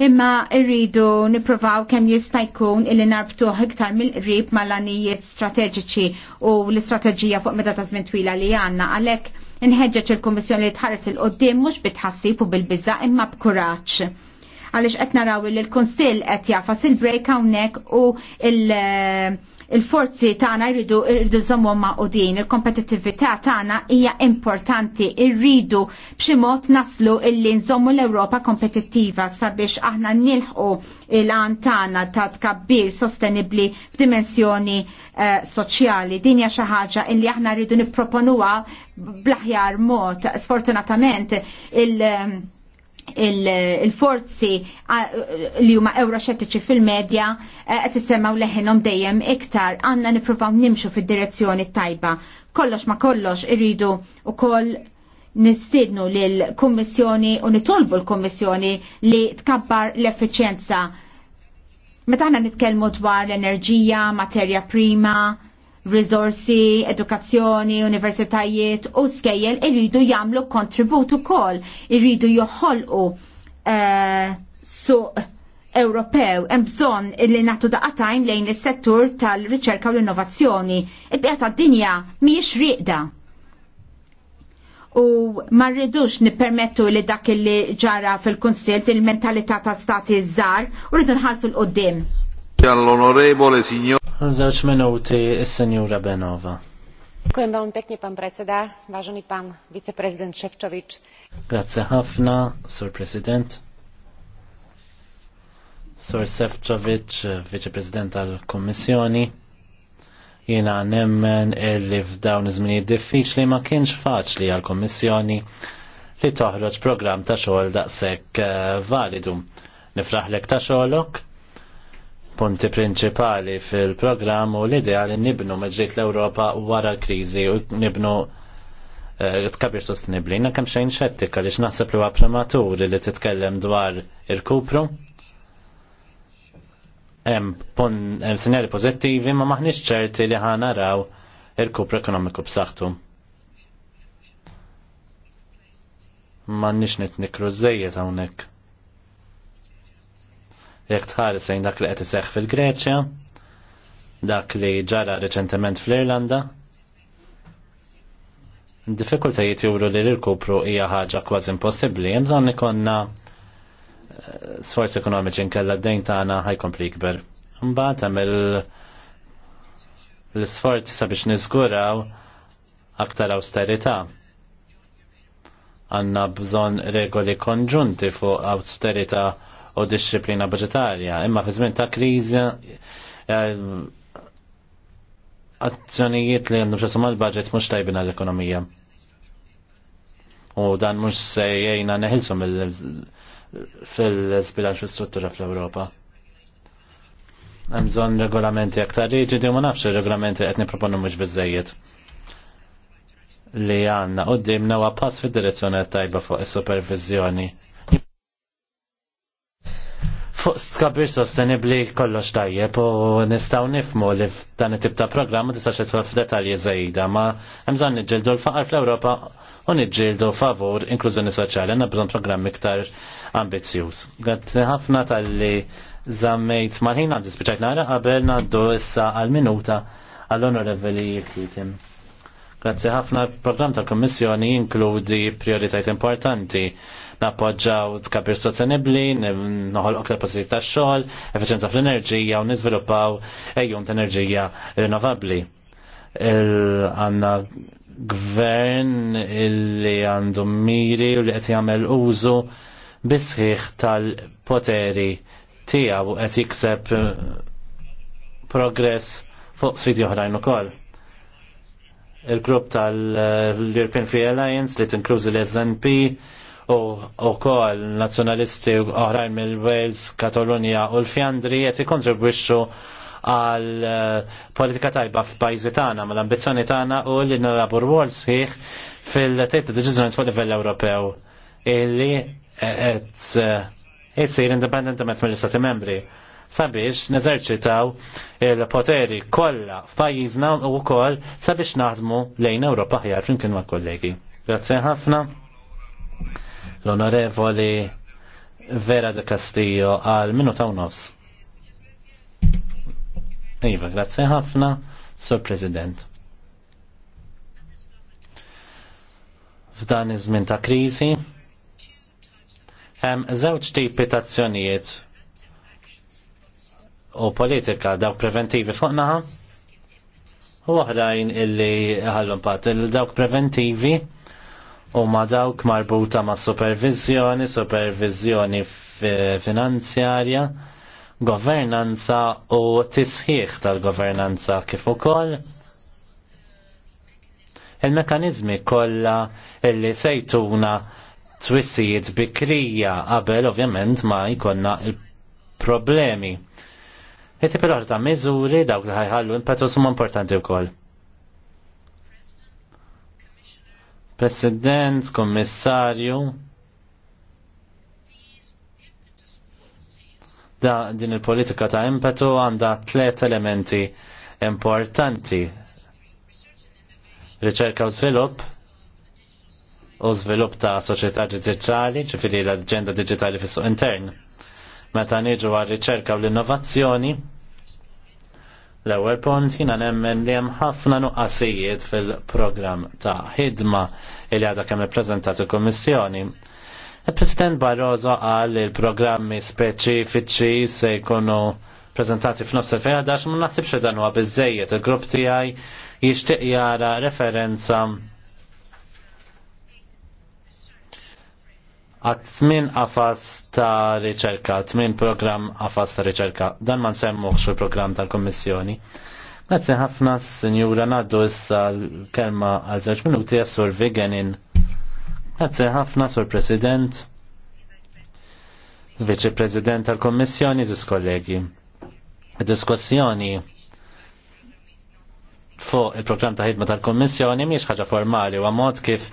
imma rridu niprofaw kemm jista' jkun illi narbtuh iktar mill-qrib mal-għanijiet strateġiċi u l-istrateġija fuq meta ta' żmien twila li għandna għalhekk inħeġġeġ il-Kummissjoni li tħares il qudiem mhux bitħassib u bil-biża' imma b'kuraġġ għaliex qed naraw li l-Kunsill qed jafas il-break hawnhekk u il-forzi tagħna jridu jridu żommhom ma' din il kompetitivita tagħna hija importanti rridu b'xi mod naslu illi nżommu l-Ewropa kompetittiva sabiex aħna nilħqu il-għan tagħna ta' tkabbir sostenibbli dimensjoni eh, soċjali. Din hija xi ħaġa illi aħna rridu nipproponuha bl-aħjar mod. Sfortunatament il- il-forzi li huma euroxettiċi fil-medja eh, qed issemmaw leħinhom dejjem iktar għandna nippruvaw nimxu fid-direzzjoni tajba. Kollox ma kollox irridu ukoll nistidnu lill kummissjoni u nitolbu l-Kummissjoni li tkabbar l-effiċjenza. Meta aħna nitkellmu dwar l-enerġija, materja prima, risorsi, edukazzjoni, universitajiet u skejjel irridu jagħmlu kontribut ukoll, irridu joħolqu uh, eh, su Ewropew hemm bżonn li nagħtu daqatajn lejn is-settur tal-riċerka u l-innovazzjoni. Il-bqija tad-dinja mhijiex rieqda. U ma rridux nippermettu li dak li ġara fil-Kunsill il-mentalità ta' stati żgħar u rridu nħarsu l-qoddim. L-Onorevole Signor Żewġ minuti is-Senjura Benova. Dziękuję bardzo pięknie pan predseda, ważony pan wiceprezydent Szewczowicz. Grazie ħafna, sur president. Sur Sefcovic, viċe-president tal Jena Jiena nemmen illi f'dawn iż-żminijiet diffiċli ma kienx faċli għall komissjoni li toħroġ programm ta' xogħol daqshekk eh, validu. Nifraħlek ta' xogħolok punti prinċipali fil-programm u l-idea li nibnu maġġiet l-Europa wara l-krizi u nibnu eh, tkabir sostenibli. Na kam xejn xettika li xnaħseb li huwa prematuri li titkellem dwar il-kupru. Hemm sinjali pożittivi ma maħniex ċerti li ħana raw il-kupru ekonomiku b'saħħtu. Ma nix nitnikru żejjed hawnhekk. Jekk tħarisejn dak li qed iseħħ fil-Greċja, dak li ġara reċentement fl-Irlanda. Diffikultajiet juru li l-kupru hija ħaġa kważi impossibbli, hemm bżonn ikonna eh, sforzi ekonomiċi nkella d-dejn tagħna ħajkompli jikber. Mbagħad hemm l-isforzi sabiex niżguraw aktar austerità. Għanna bżonn regoli konġunti fuq austerità u disċiplina budgetarja. Imma fi żmien ta' kriżi eh, azzjonijiet li għandhom xasum għal-budget mhux tajbin għall-ekonomija. U dan mhux se jgħina neħilsom fil-bilanċ struttura fl-Ewropa. Hemm bżonn regolamenti aktar riġidi u ma nafx ir-regolamenti qed nipproponu mhux biżejjed li għanna u dimna u pass fid direzzjoni tajba fuq is supervizjoni fuq skabir sostenibli kollox tajjeb u nistaw nifmu li f'dan it-tip ta' programm ma tistax tidħol f'detalji żejda ma hemm bżonn niġġieldu l-faqar fl-Ewropa u niġġieldu favur inklużjoni soċjali għandna bżonn programm iktar ambizzjuż. Grazzi ħafna tal-li zammejt mal-ħin għandi spiċajt nara qabel naddu issa għal-minuta għall-onorevoli jikritim. Grazzi ħafna il-programm tal-Kommissjoni jinkludi prioritajt importanti nappoġġaw tkabir sostenibli, noħol oktar pożitiv ta' xogħol, efficienza fl-enerġija u niżviluppaw ejjun ta' enerġija rinnovabbli. Għanna gvern illi għandu miri u li qed jagħmel użu bisħiħ tal-poteri tiegħu u qed jikseb eh, progress fuq sfidi oħrajn ukoll. Il-grupp tal-European Free Alliance li tinklużi l-SNP u wkoll nazzjonalisti oħrajn mill-Wales, Katalonia u l-Fjandri qed ikkontribwixxu għal eh, politika tajba f'pajzi tagħna mal-ambizzjoni tagħna u li nilabur wol sħiħ fil-tejt deċiżjoni fuq livell Ewropew illi eh, qed eh, independent indipendentament mill-Istati Membri sabiex neżerċitaw il-poteri kollha f'pajjiżna u wkoll sabiex naħdmu lejn Ewropa ħjar flimkien ma' kollegi. Grazie ħafna l-onorevoli Vera de Castillo għal minuta u nofs. Iva, grazie ħafna, Sur President. F'dan iż-żmien ta' kriżi, hemm żewġ tipi ta' azzjonijiet u politika dawk preventivi fuq naħa u oħrajn illi ħallum pat il-dawk preventivi u ma dawk marbuta ma' supervizjoni, supervizjoni finanzjarja, governanza u tisħiħ tal-governanza kif ukoll il-mekanizmi kollha illi sejtuna twissijiet bikrija qabel ovvjament ma jkollna il-problemi. Iti pilorta miżuri dawk li ħajħallu impetus huma importanti wkoll President, Kommissarju, da din il-politika ta' impetu għandha tliet elementi importanti. Riċerka u svilup, u svilup ta' soċjetà digitali, ċifiri l-agenda digitali fis-suq intern. Meta niġu għal riċerka u l-innovazzjoni, L-ewwel punt jiena nemmen li hemm ħafna nuqqasijiet fil-programm ta' ħidma li għadha kemm ippreżentat il-Kummissjoni. Il-President Barroso qal li l-programmi speċifiċi se jkunu preżentati f'nofs il-2011 ma naħsibx dan huwa biżejjed il-grupp tiegħi jixtieq jara referenza għat tmin għafas ta' riċerka, tmin program għafas ta' riċerka. Dan man semmuħx xo program tal-Kommissjoni. Grazie ħafna, senjura, naddu issa l-kelma għal żewġ minuti għas-Sur Vigenin. Grazie ħafna, Sur President, Viċi President tal-Kommissjoni, dis kollegi. Diskussjoni fuq il-programm ta' ħidma tal-Kommissjoni miex ħaġa formali u mod kif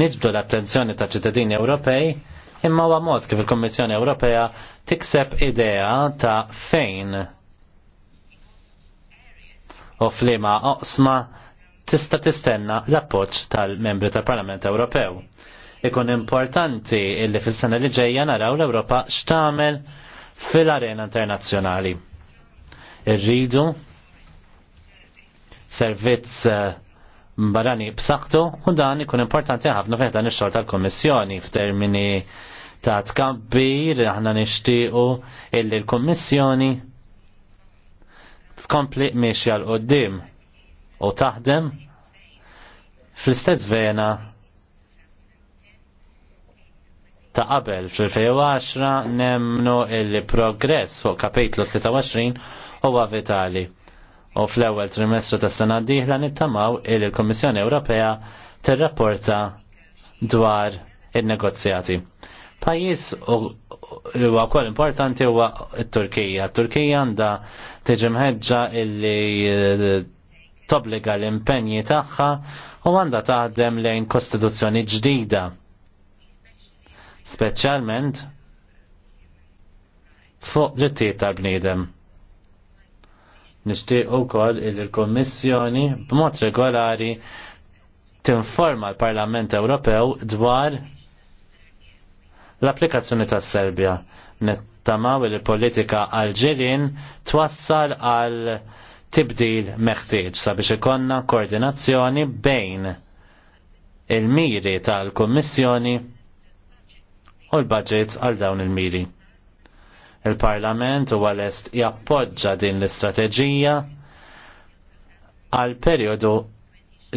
niġbdu l-attenzjoni ta' ċittadini Ewropej imma huwa mod kif il-Kommissjoni Ewropea tikseb idea ta' fejn u flima oqsma tista tistenna l-appoġġ tal-membri tal-Parlament Ewropew. Ikun importanti illi fis-sena li ġejja naraw l-Ewropa x'tagħmel fil-arena internazzjonali. Irridu servizz eh, barani b'saħħtu u dan ikun importanti ħafna fejn dan ix-xogħol tal-Kummissjoni f'termini ta' tkabbir aħna nixtiequ illi l-Kummissjoni tkompli mixja l qoddim u taħdem fl-istess vena ta' qabel fl-2010 nemnu il-progress fuq kapitlu 23 huwa vitali u fl-ewwel trimestru tas sena d-dieħla nittamaw il il-Kommissjoni Ewropea tirrapporta dwar in-negozjati. Pajjiż li huwa wkoll importanti huwa t-Turkija. Turkija għandha tiġi mħeġġa li eh, tobbliga l-impenji tagħha u għandha taħdem lejn kostituzzjoni ġdida. Speċjalment fuq drittijiet tal-bniedem. Nishtiq u koll il-Kommissjoni b'mod regolari tinforma l-Parlament Ewropew dwar l-applikazzjoni tas serbja Nittamaw il-politika għal-ġirin twassal għal tibdil meħtieġ sabiex ikonna koordinazzjoni bejn il-miri tal-Kommissjoni u l-budget għal dawn il-miri. Il-Parlament huwa lest jappoġġa din l-istrateġija għal periodu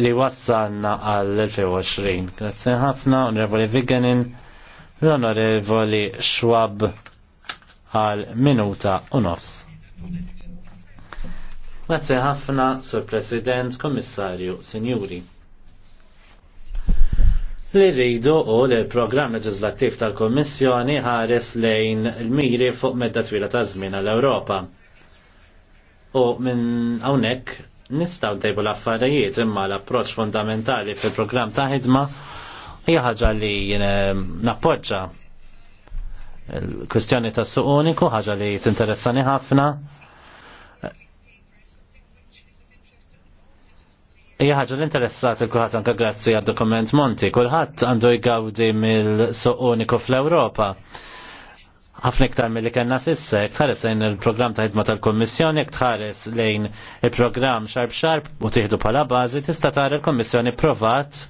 li wassalna għal-2020. Grazie ħafna, onorevoli Viganin, l-onorevoli Schwab għal minuta u nofs. Grazie ħafna, Sur President, Kommissarju, Sinjuri li rridu u li l-programm leġislattiv tal-Kommissjoni ħares lejn il-miri fuq medda twila ta' żmien għall-Ewropa. U minn hawnhekk nistgħu tejbu l-affarijiet imma l-approċċ fundamentali fil-programm ta' ħidma hija ħaġa li ehm, nappoġġa il-kwestjoni ta' suq uniku, ħaġa li tinteressani ħafna Hija ħaġa l-interessat il-kulħadd anke grazzi għad-dokument Monti, kulħadd għandu jgawdi mill-suq uniku fl-Ewropa. Għafni iktar mill-li kellna sissa, jekk tħares lejn il-programm ta' ħidma tal-Kommissjoni, jekk tħares lejn il-programm xarb xarb u tiħdu bħala bażi, tista' tara l-Kommissjoni provat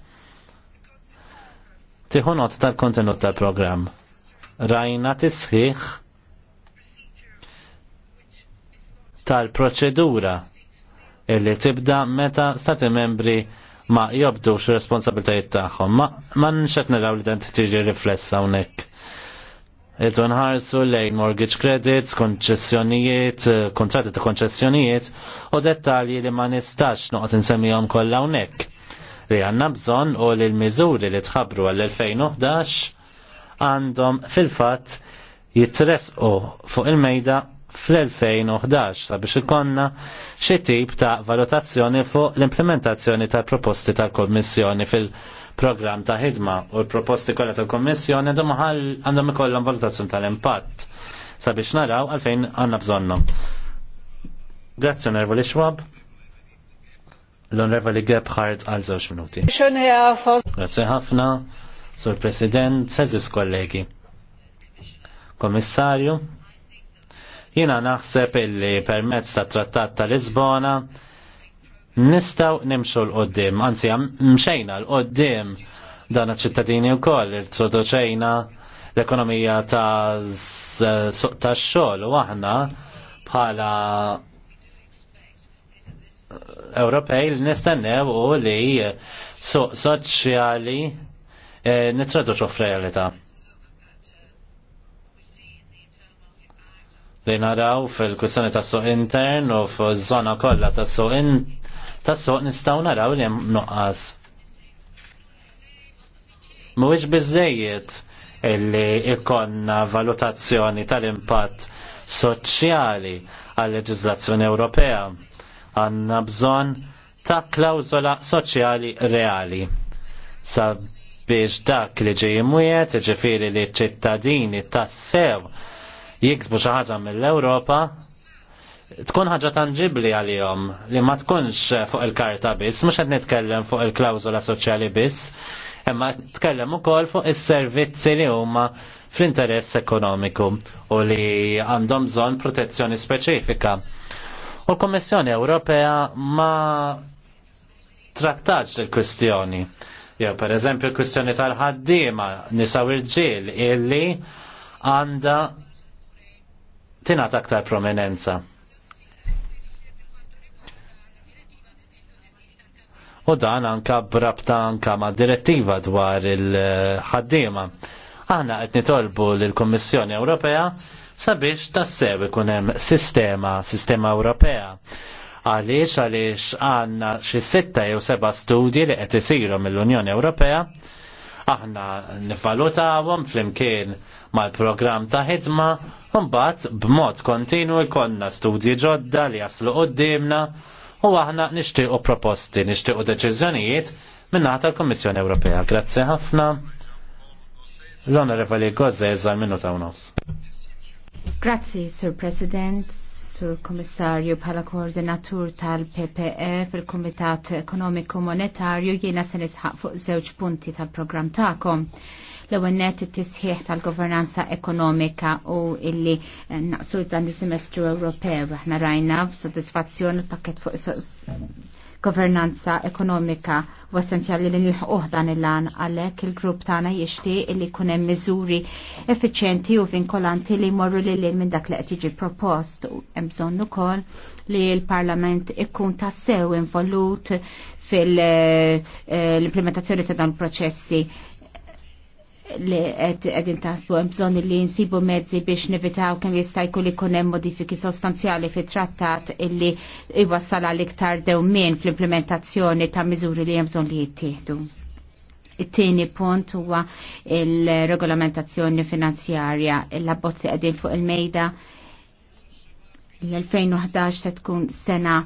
Tiħu nota tal-kontenut tal-programm. Rajna tisħiħ tal-proċedura illi tibda meta stati membri ma jobdux responsabiltajiet tagħhom. Ma nxed naraw li dan tiġi riflessa hawnhekk. Irtu nħarsu lejn mortgage credits, konċessjonijiet, kontratti ta' konċessjonijiet u dettalji li ma nistax noqgħod insemmihom kollha hawnhekk. Li għandna bżonn u li l-miżuri li tħabbru għall-2011 għandhom fil-fatt jitresqu fuq il-mejda fl-2011 sabiex ikonna xi tip ta' valutazzjoni fuq l-implementazzjoni tal-proposti tal-Kommissjoni fil-programm ta' ħidma u l-proposti kollha tal-Kommissjoni għandhom ikollhom valutazzjoni tal-impatt sabiex naraw għalfejn għandna bżonnhom. Grazzi onorevoli Schwab. L-onorevoli Gebhardt għal żewġ minuti. Grazzi ħafna, Sur President, Sezis kollegi. Komissarju, Jina naħseb illi permezz ta' trattat ta' Lisbona nistaw nimxu l-qoddim, anzi mxejna l-qoddim dan ċittadini u koll, irtroduċejna l-ekonomija ta' ta' xol u aħna bħala Ewropej li nistennew u li soċjali eh, nitraduċu realita. li naraw fil-kwistjoni ta' suq intern u f-zona kollha ta' suq in ta' suq nistgħu naraw li hemm nuqqas. Mhuwiex bizzejiet illi ikonna valutazzjoni tal-impatt soċjali għal leġiżlazzjoni Ewropea. Għandna bżonn ta' klawzola soċjali reali. Sa biex dak li ġej imwiet, ġifiri li ċittadini tassew jiksbu xi ħaġa mill-Ewropa tkun ħaġa tangibli għalihom li ma tkunx fuq il-karta biss, mhux qed nitkellem fuq il klawzula soċjali biss, imma tkellem ukoll fuq is-servizzi li huma fl-interess ekonomiku u li għandhom bżonn protezzjoni speċifika. U l-Kommissjoni Ewropea ma trattax il-kwistjoni. Jew pereżempju per eżempju il-kwistjoni tal-ħaddiema nisaw il-ġil illi għanda tingħat aktar prominenza. U dan anka brabta anka ma' direttiva dwar il-ħaddiema. Aħna qed nitolbu lill-Kummissjoni Ewropea sabiex tassew ikun hemm sistema, sistema Ewropea. Għaliex għaliex għandna xi sitta jew seba' studji li qed isiru mill-Unjoni Ewropea Aħna nivvalutawhom flimkien mal-programm ta' ħidma mbagħad b'mod kontinu konna studji ġodda li jaslu qudiemna u aħna nixtiequ proposti, nixtiequ deċiżjonijiet minn tal-Kommissjoni Ewropea. Grazzi ħafna. L-Onorevoli Gozze, għal minuta u nofs. Grazzi, Sir President. Sur Komissarju bħala koordinatur tal-PPE fil-Kumitat Ekonomiku Monetarju jiena se nisħaq fuq żewġ punti tal-programm tagħkom. L-ewwel net it-tisħiħ tal-governanza ekonomika u illi eh, naqsu dan is-semestru Ewropew aħna rajna b'sodisfazzjon il-pakket fuq governanza ekonomika u essenzjali li nilħuq dan il-lan għalhekk il-grupp tagħna jixtieq li jkun hemm miżuri effiċjenti u vinkolanti li jmorru lil minn dak li qed jiġi propost u hemm bżonn ukoll li l-Parlament ikun tassew involut fil-implementazzjoni eh, ta' dan il-proċessi li għedin tasbu hemm bżonn li nsibu mezzi biex nevitaw kemm jista' jkun ikun hemm modifiki sostanzjali fit trattat illi jwassal l iktar dewmien fl-implementazzjoni ta' miżuri li hemm bżonn li jittieħdu. It-tieni punt huwa il-regolamentazzjoni finanzjarja, l-abbozzi qegħdin fuq il-mejda l-2011 se tkun sena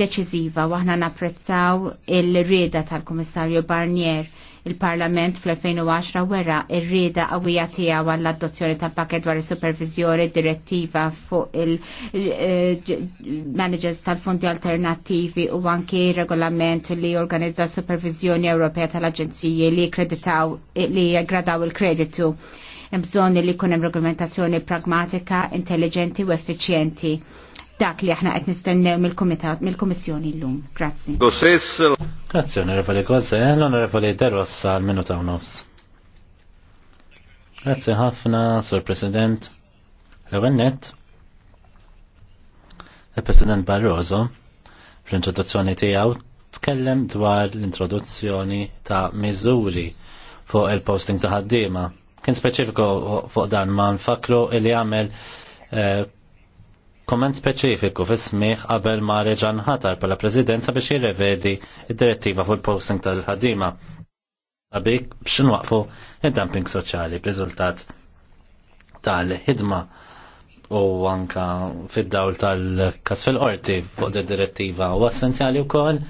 deċiżiva u aħna napprezzaw il-rieda tal-Kummissarju Barnier Il-Parlament fl-2010 wera ir-rieda qawwija tiegħu għall adozzjoni ta' pakket dwar is-supervizjoni direttiva fuq il-managers tal-fondi alternattivi u anki regolament li organizza supervizjoni Ewropea tal-Aġenziji li kreditaw li jgradaw il-kreditu. Hemm bżonn li jkun hemm regolamentazzjoni pragmatika, intelligenti u effiċjenti dak li aħna qed nistennew mill-Kumitat mill-Kummissjoni llum. Grazzi. Grazzi onorevoli l onorevoli Derossa għal minuta u nofs. Grazzi ħafna, Sur President. L-għennet, il-President Barroso, fl-introduzzjoni tiegħu tkellem dwar l-introduzzjoni ta' miżuri fuq il-posting ta' ħaddiema. Kien speċifiku fuq dan ma' nfakru li għamel eh, komment speċifiku fis-smieħ qabel ma reġan ħatar pala prezidenza biex jirrevedi id-direttiva fuq il-posting tal-ħadima. Għabik biex nwaqfu id-dumping soċjali b'riżultat tal-ħidma u anka fid-dawl tal-kas fil-qorti fuq id-direttiva u essenzjali wkoll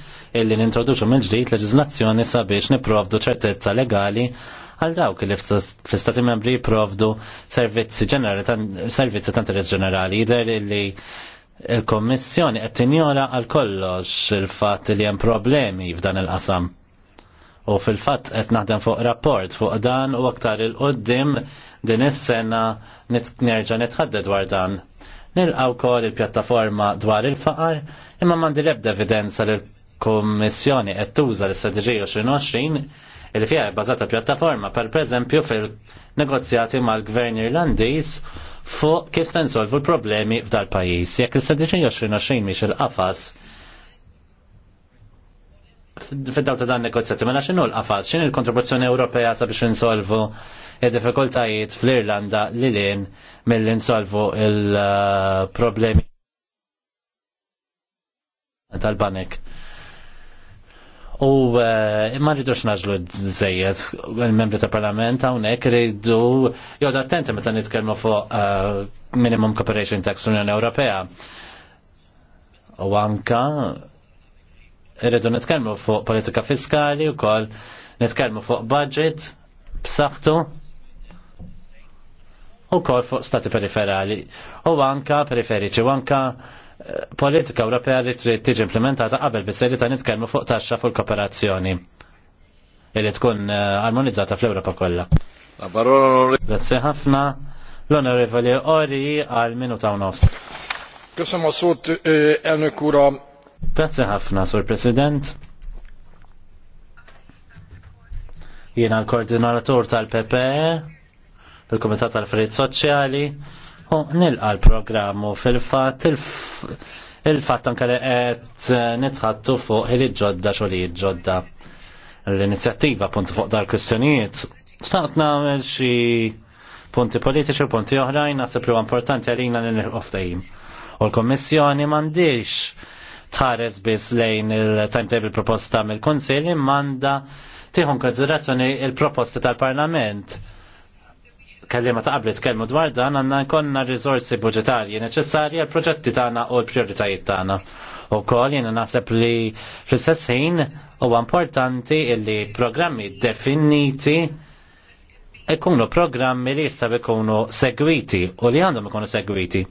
illi nintroduċu mill-ġdid leġiżlazzjoni sabiex niprovdu ċertezza legali għal dawk li fl istati membri jipprovdu servizzi ġenerali, servizzi ta' interess ġenerali, jider li il-Kommissjoni qed tinjora għal kollox il-fatt li hemm problemi f'dan il-qasam. U fil-fatt qed naħdem fuq rapport fuq dan u aktar il-qoddim din is-sena nerġa' nitħadded dwar dan. Nilqaw kol il-pjattaforma dwar il-faqar, imma mandi l-ebda evidenza li l-Kommissjoni qed tuża l-Istrateġija 2020 il fija bbażata pjattaforma per preżempju fil-negozjati mal-Gvern Irlandiż fuq kif se nsolvu l-problemi f'dal pajjiż. Jekk il-sediċin 2020 miex il-qafas fid-daw ta' dan negozjati, ma xinu l-qafas, xin il-kontribuzzjoni Ewropea sabiex insolvu il-difikultajiet fl-Irlanda li lin mill-insolvu il-problemi tal-banek. U eh, imma rridux naġlu d-zejjed, il-membri ta' parlament hawnhekk rridu jgħod attenti meta nitkelmu fuq eh, minimum cooperation tax Unjoni Ewropea. U anka rridu nitkelmu fuq politika fiskali u kol, nitkelmu fuq budget b'saħħtu u kol fuq stati periferali u anka periferiċi u anka politika Ewropea li trid tiġi implementata qabel biss li ta' nitkellmu fuq taxxa fuq kooperazzjoni li tkun eh, armonizzata fl-Ewropa kollha. Grazzi ħafna l-Onorevoli Ori għal minuta u nofs. Köszönöm a szót, eh, elnök ura. Grazie ħafna, sur president. Jiena l-koordinator tal-PPE, fil-Komitat tal-Affarijiet Soċjali, u nilqa l-programmu fil-fat il-fat anka li qed eh, nitħattu fuq il-ġodda xogħlijiet ġodda. L-inizjattiva punt fuq dar kwistjonijiet stant nagħmel xi punti politiċi u punti oħrajn naħseb li importanti għalina l nilħu U l-Kommissjoni m'għandix tħares biss lejn il-timetable proposta mill-Konsil imma għandha tieħu konsiderazzjoni il-proposta tal-Parlament kellima ta' qabli tkellmu dwar dan għandna jkollna r-riżorsi budġetarji neċessarji għal proġetti tagħna u l-prijoritajiet tagħna. Ukoll jiena naħseb li fl-istess ħin huwa importanti li programmi definiti ikunu programmi li jistab ikunu segwiti u li għandhom ikunu segwiti.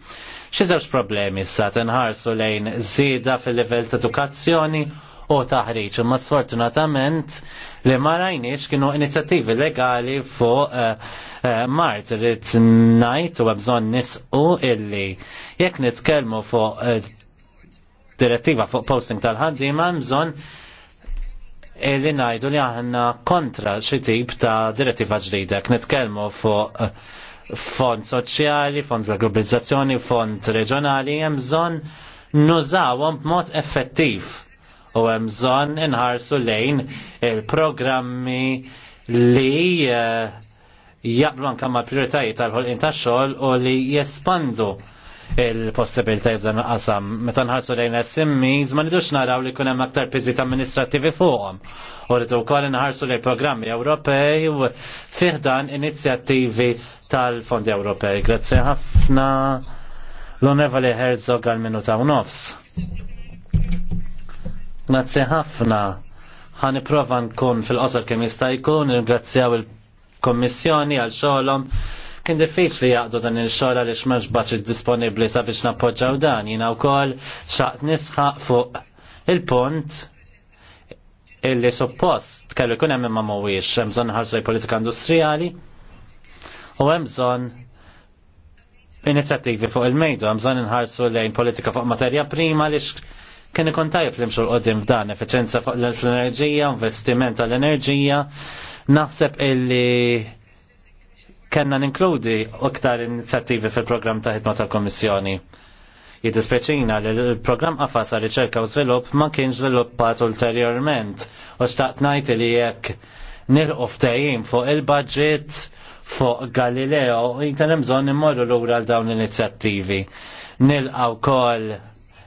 Xi żewġ problemi issa tinħarsu lejn żieda fil-livell ta' edukazzjoni u taħriġ. Imma sfortunatament li ma rajniex kienu inizjattivi legali fuq eh, eh, Mart rrit najt u għabżon nisqu illi jekk nitkellmu fuq eh, direttiva fuq posting tal-ħaddima għabżon illi najdu li aħna kontra xi tip ta' direttiva ġdida. Nitkellmu fuq fond soċjali, fond globalizzazzjoni, fond reġjonali, hemm bżonn nużawhom b'mod effettiv u hemm bżonn inħarsu lejn il-programmi li eh, jaqblu anke ma' prioritajiet tal-ħolqien tax-xogħol u li jespandu il possibilitajiet f'dan qasam. Meta nħarsu lejn SMEs ma nidux naraw li kun hemm aktar piżit amministrattivi fuqhom. U rrid ukoll inħarsu lejn programmi Ewropej u fih dan inizjattivi tal-Fondi Ewropej. Grazzi ħafna l-Onorevoli Herzog għal-minuta u nofs. Grazie ħafna. Ħan prova nkun fil-qosor kemm jista' jkun, ngrazzjaw il-Kommissjoni għal xogħolhom. Kien diffiċli jaqdu dan il-xogħol għaliex m'hemmx baċit disponibbli sabiex nappoġġaw dan. Jiena wkoll xaqt nisħaq fuq il-punt illi suppost kellu jkun hemm imma mhuwiex hemm bżonn ħarsu l-politika industrijali u hemm bżonn inizjattivi fuq il-mejdu, hemm bżonn inħarsu lejn politika fuq materja prima li kien ikun tajb li mxol qoddim f'dan, efficienza fuq l-enerġija, investiment tal-enerġija, naħseb illi kena ninkludi iktar inizjattivi fil-programm ta' ħidma tal-Komissjoni. Jidispeċina li l-programm għafas riċerka u svilupp ma kienx sviluppat ulterjorment u xtaqt najt li jekk nilqu ftehim fuq il-budget fuq Galileo, jitanem bżon immorru l-ura l-dawn l-inizjattivi. Nilqaw kol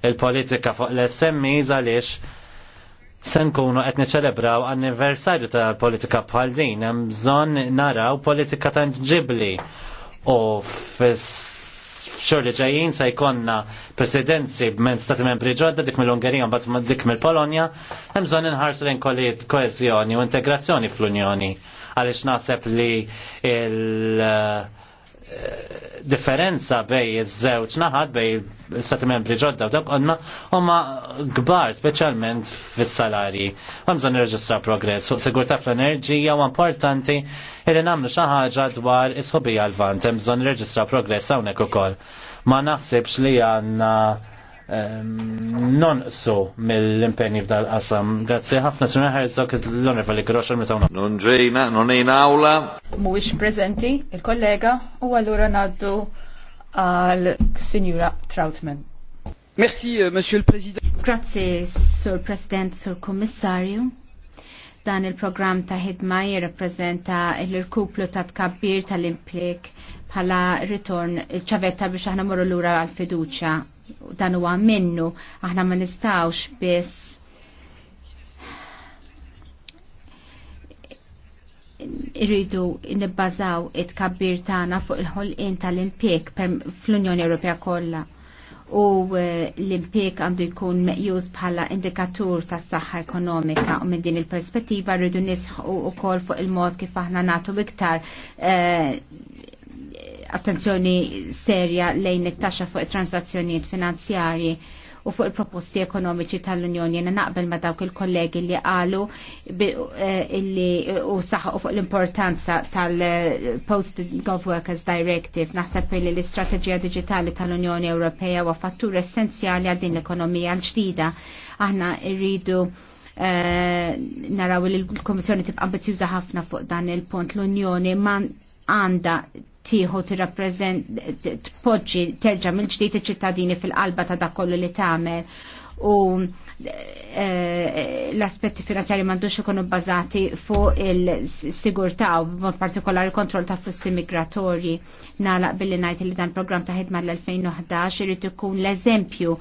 il-politika fuq l-SMEs għaliex se nkunu qed niċċelebraw anniversarju ta' politika bħal din, hemm bżonn naraw politika tangibbli. U f'xhur li ġejjin se jkollna presidenzi minn stati membri ġodda dik mill-Ungerija mbagħad dik mill-Polonja, hemm bżonn inħarsu lejn kolli koeżjoni u integrazzjoni fl-Unjoni għaliex naħseb li il- differenza bej iż-żewġ naħat bej stati membri ġodda dak għanna huma kbar speċjalment fis-salarji. Għamżu nirreġistra progress fuq sigurtà fl-enerġija u importanti li nagħmlu xi ħaġa dwar is-ħobija l-vant hemm bżonn nirreġistra progress hawnhekk ukoll. Ma naħsibx li għandna Ehm, non so mill impegni f'dal-qasam. Grazie ħafna s-suna l-onerfa li kroċa mitawna. Non ġejna, non ejna awla. Mux prezenti, il-kollega, u għallura naddu għal sinjura Trautman. Merci, euh, Monsieur le Président. Grazie, Sur President, Sur Kommissarju dan il-programm ta' ħidma jirrepprezenta l-irkuplu ta' tkabbir tal-implik bħala ritorn il ċavetta biex aħna morru lura għal-fiduċa dan huwa minnu aħna ma nistawx biss irridu nibbażaw it-kabbir tagħna fuq il-ħolqien tal impjeg fl-Unjoni Ewropea kollha u eh, l impjeg għandu jkun meqjuż bħala indikatur tas saħħa ekonomika u minn din il-perspettiva rridu nisħu wkoll fuq il-mod kif aħna nagħtu iktar eh, attenzjoni serja lejn it-taxxa fuq it-transazzjonijiet finanzjarji u fuq il-proposti ekonomiċi tal-Unjoni. Jena naqbel ma dawk il-kollegi li għalu eh, illi u fuq l-importanza tal post Gov Workers Directive. Naħseb li l-istrateġija digitali tal-Unjoni Ewropea huwa fattur essenzjali għal din l-ekonomija l-ġdida. Aħna irridu eh, naraw li l-Komissjoni tibqa ambizjuża ħafna fuq dan il-punt l-Unjoni ma għanda tieħu tirrappreżent poġġi terġa' mill-ġdid iċ-ċittadini fil-qalba ta' dak kollu li tagħmel u eh, l-aspetti finanzjari mandux ikunu bbażati fuq il-sigurtà u b'mod partikolari kontroll ta' flussi migratorji. Nalaq billi ngħid li dan programm ta' ħidma l-2011 irid ikun l-eżempju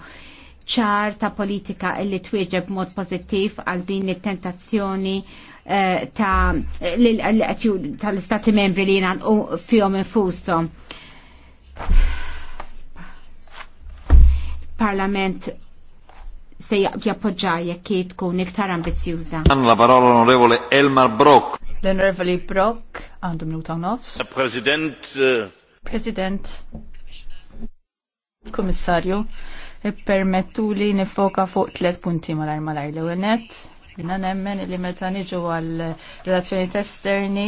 ċar ta' politika illi twieġeb mod pożittiv għal din it-tentazzjoni Eh, tal-istati membri li jina u fjom infusom. Parlament se jappoġġa jekk tkun iktar ambizjuża. La parola onorevole Elmar Brock. l onorevole Brock, għandu minuta nofs. Äh, President. President. Komissarju, permettu li nifoka fuq tlet punti mal malar l-arlewenet Jina nemmen li meta niġu għal relazzjonijiet esterni,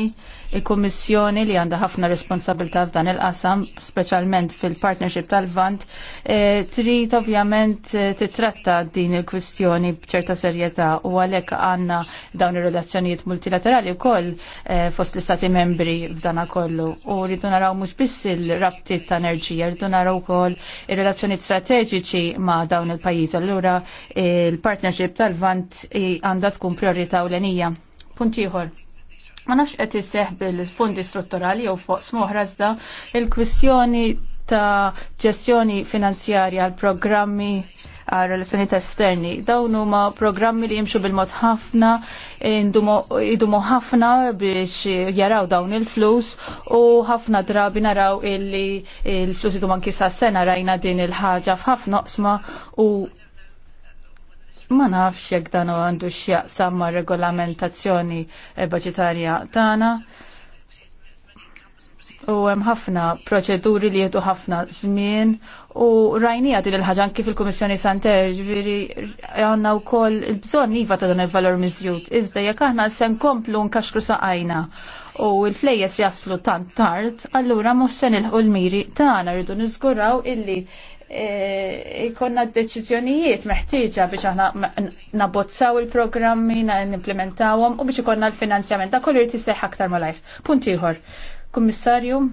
il-Kummissjoni li għandha ħafna responsabilità f'dan il-qasam, speċjalment fil-partnership tal-Vant, eh, trid ovvjament eh, titratta din il-kwistjoni b'ċerta serjetà u għalhekk għandna dawn ir-relazzjonijiet multilaterali wkoll eh, fost l-Istati membri f'dan kollu. U rridu naraw mhux biss il-rabtiet ta' enerġija, rridu naraw ukoll ir-relazzjonijiet strateġiċi ma' dawn il-pajjiż. Allura il-partnership tal-Vant għandha tkun priorità ewlenija. Punt ieħor. Ma nafx qed isseħ bil-fondi strutturali jew fuq smoħra iżda il-kwistjoni ta' ġestjoni finanzjarja għal programmi għal relazzjoni ta' esterni. Dawn huma programmi li jimxu bil-mod ħafna, jidumu ħafna biex jaraw dawn il-flus u ħafna drabi naraw illi il-flus jidumu anki sa' sena rajna din il-ħaġa f'ħafna oqsma u ma nafx jekk dan għandu x'jaqsam ma' regolamentazzjoni budgetarja tagħna. U hemm ħafna proċeduri li jieħdu ħafna żmien u rajnija din il-ħaġa anki fil-Kummissjoni Santer, ġifieri għandna wkoll il-bżonn iva ta' dan il valor miżjud. Iżda jekk aħna se nkomplu nkaxkru saqajna u l-flejjes jaslu tant tard, allura mhux se nilħu l-miri tagħna rridu niżguraw illi Eh, ikonna d-deċizjonijiet meħtieġa biex aħna nabbozzaw il-programmi, n-implementawom u biex ikonna l-finanzjament. Da kollu jrid isseħħ aktar malajr. Punt ieħor. Kummissarju,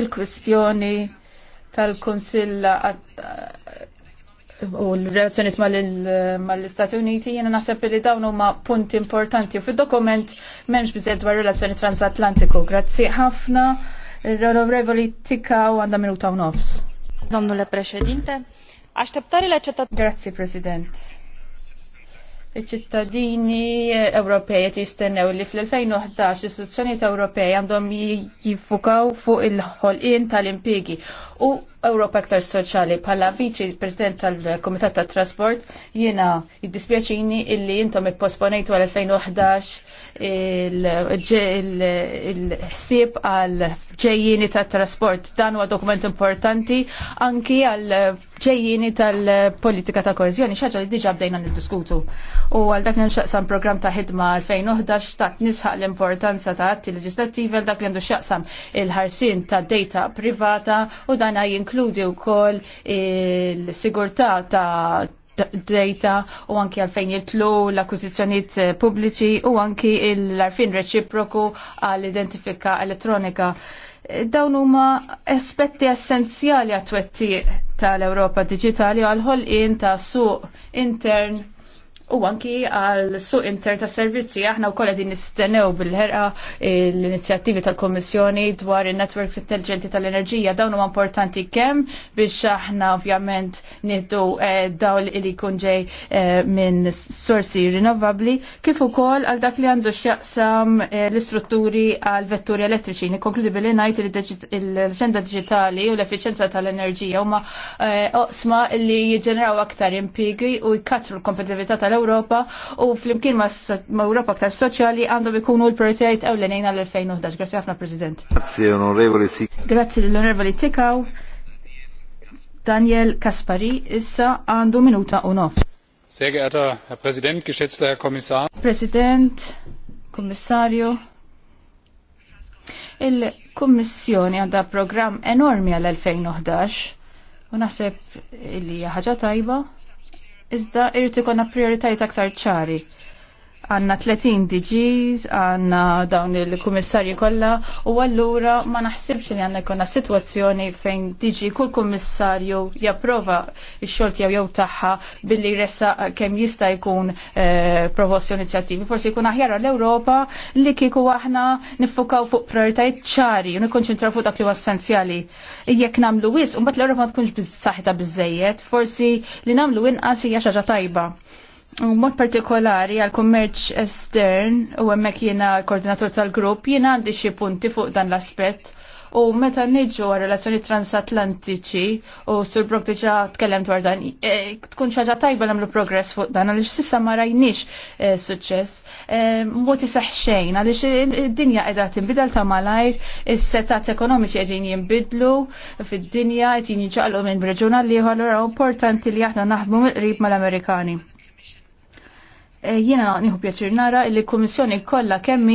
il-kwistjoni tal-Kunsill u l-relazzjoniet mal-Istati Uniti, jena nasab li dawn huma punti importanti. U fil-dokument memx bizzed dwar relazzjoni transatlantiku. Grazzi ħafna, r-revoli tika u għanda minuta u nofs. Domnule președinte, așteptările cetățenilor... Grazie, President. Iċ-ċittadini Ewropej qed jistennew li fl-2011 l-istituzzjonijiet Ewropej għandhom jiffukaw fuq il-ħolqien tal-impjiegi u Ewropa aktar soċjali bħala viċi President tal-Komitat tat Trasport jiena jiddispjaċini illi intom ipposponejtu għal 2011 il-ħsieb għal ġejjini tat trasport dan huwa dokument importanti anki għal ġejjini tal-politika ta' koeżjoni xaġa li diġà bdejna niddiskutu. U għal dak nxaqsam programm ta' ħidma 2011 ta' nisħaq l-importanza ta' atti leġislattivi għal dak li għandu xaqsam il-ħarsin ta' data privata u dan għajin jinkludi wkoll il-sigurtà ta' data u anki għalfejn jitlu l-akkużizzjonijiet eh, pubbliċi u anki l-arfin reċiproku għall-identifika elettronika. Eh, dawn huma aspetti essenzjali għat tal-Ewropa Digitali għal ħolqien ta' suq intern U anki għal suq inter ta' servizzi, aħna u kolla nistennew bil-ħerqa l-inizjattivi tal-Kommissjoni dwar il-Networks Intelligenti tal-Enerġija, dawn huma importanti kemm biex aħna ovvjament nieħdu eh, dawl li jkun ġej eh, minn sorsi rinnovabbli, kif ukoll għal dak li għandu x'jaqsam eh, l-istrutturi għal vetturi elettriċi. Nikkonkludi billi ngħid il-ġenda diġitali u l-effiċenza tal-enerġija huma oqsma li jiġġeneraw aktar impigi u jkatru l-kompetitività tal l-Ewropa u flimkien ma' Ewropa ktar soċjali għandhom ikunu l-prioritajt l-nejn għal-2011. Grazie ħafna, President. Grazie, onorevoli sik. Grazie l-onorevoli Tikaw. Daniel Kaspari issa għandu minuta u nofs. Sehr geehrter Herr Präsident, geschätzter Herr Kommissar. Präsident, Kommissario. Il-Kummissjoni għandha programm enormi għal-2011 u naħseb li ħaġa tajba Iżda irrid ikun prioritajiet aktar ċari għanna 30 DGs, għanna dawn il-kummissarji kollha u allura ma naħsibx li għanna jkunna situazzjoni fejn DG kull kummissarju japprova x-xogħol jew jew tagħha billi jressa kemm jista' jkun eh, proposti inizjattivi. Forsi jkun aħjar l-Ewropa li kieku aħna niffukaw fuq prioritajiet ċari u nikkonċentraw fuq dak li huwa essenzjali. Jekk nagħmlu wis, mbagħad l-Ewropa ma tkunx saħita biżejjed, forsi li nagħmlu inqas hija xi ħaġa tajba Mod partikolari għal kummerċ estern u hemmhekk jiena l-koordinator tal-grupp jiena għandi xi punti fuq dan l-aspett u meta nġu għal relazzjoni transatlantiċi u sur Brok diġa tkellem dwar dan e, tkun xaġa tajba nagħmlu progress fuq dan għaliex sissa ma rajniex e, suċċess e, mod isaħ xejn għaliex id-dinja qiegħda tinbidel ta' malajr is-setat ekonomiċi qegħdin jinbidlu fid-dinja qed jinġaqlu minn reġun li għalura importanti li aħna naħdmu mill-qrib mal-Amerikani Eh, jiena nieħu pjaċir nara li l-Kummissjoni kollha kemmi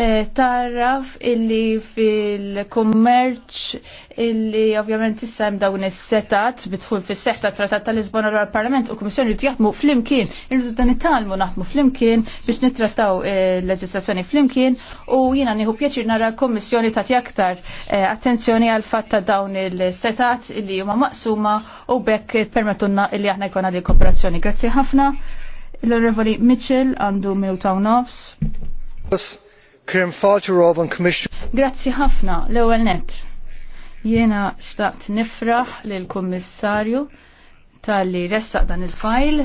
eh, taraf illi fil-kummerċ illi ovvjament issa hemm dawn is-setat bitħul fis-seħħ ta' Trattat tal-Lisbona l parlament u l-Kummissjoni jrid jaħdmu flimkien, irridu dan italmu naħdmu flimkien biex nittrattaw eh, leġislazzjoni flimkien u jiena nieħu pjaċir nara l-Kummissjoni tagħti aktar attenzjoni għal fatt ta' dawn il-setat illi huma maqsuma u bekk permettulna illi aħna jkollna li kooperazzjoni. Grazzi ħafna. L-Onorevoli Mitchell għandu minuta u Grazzi ħafna l-ewwel net. Jiena xtaqt nifraħ lill kummissarju tal-li ressaq dan il-fajl.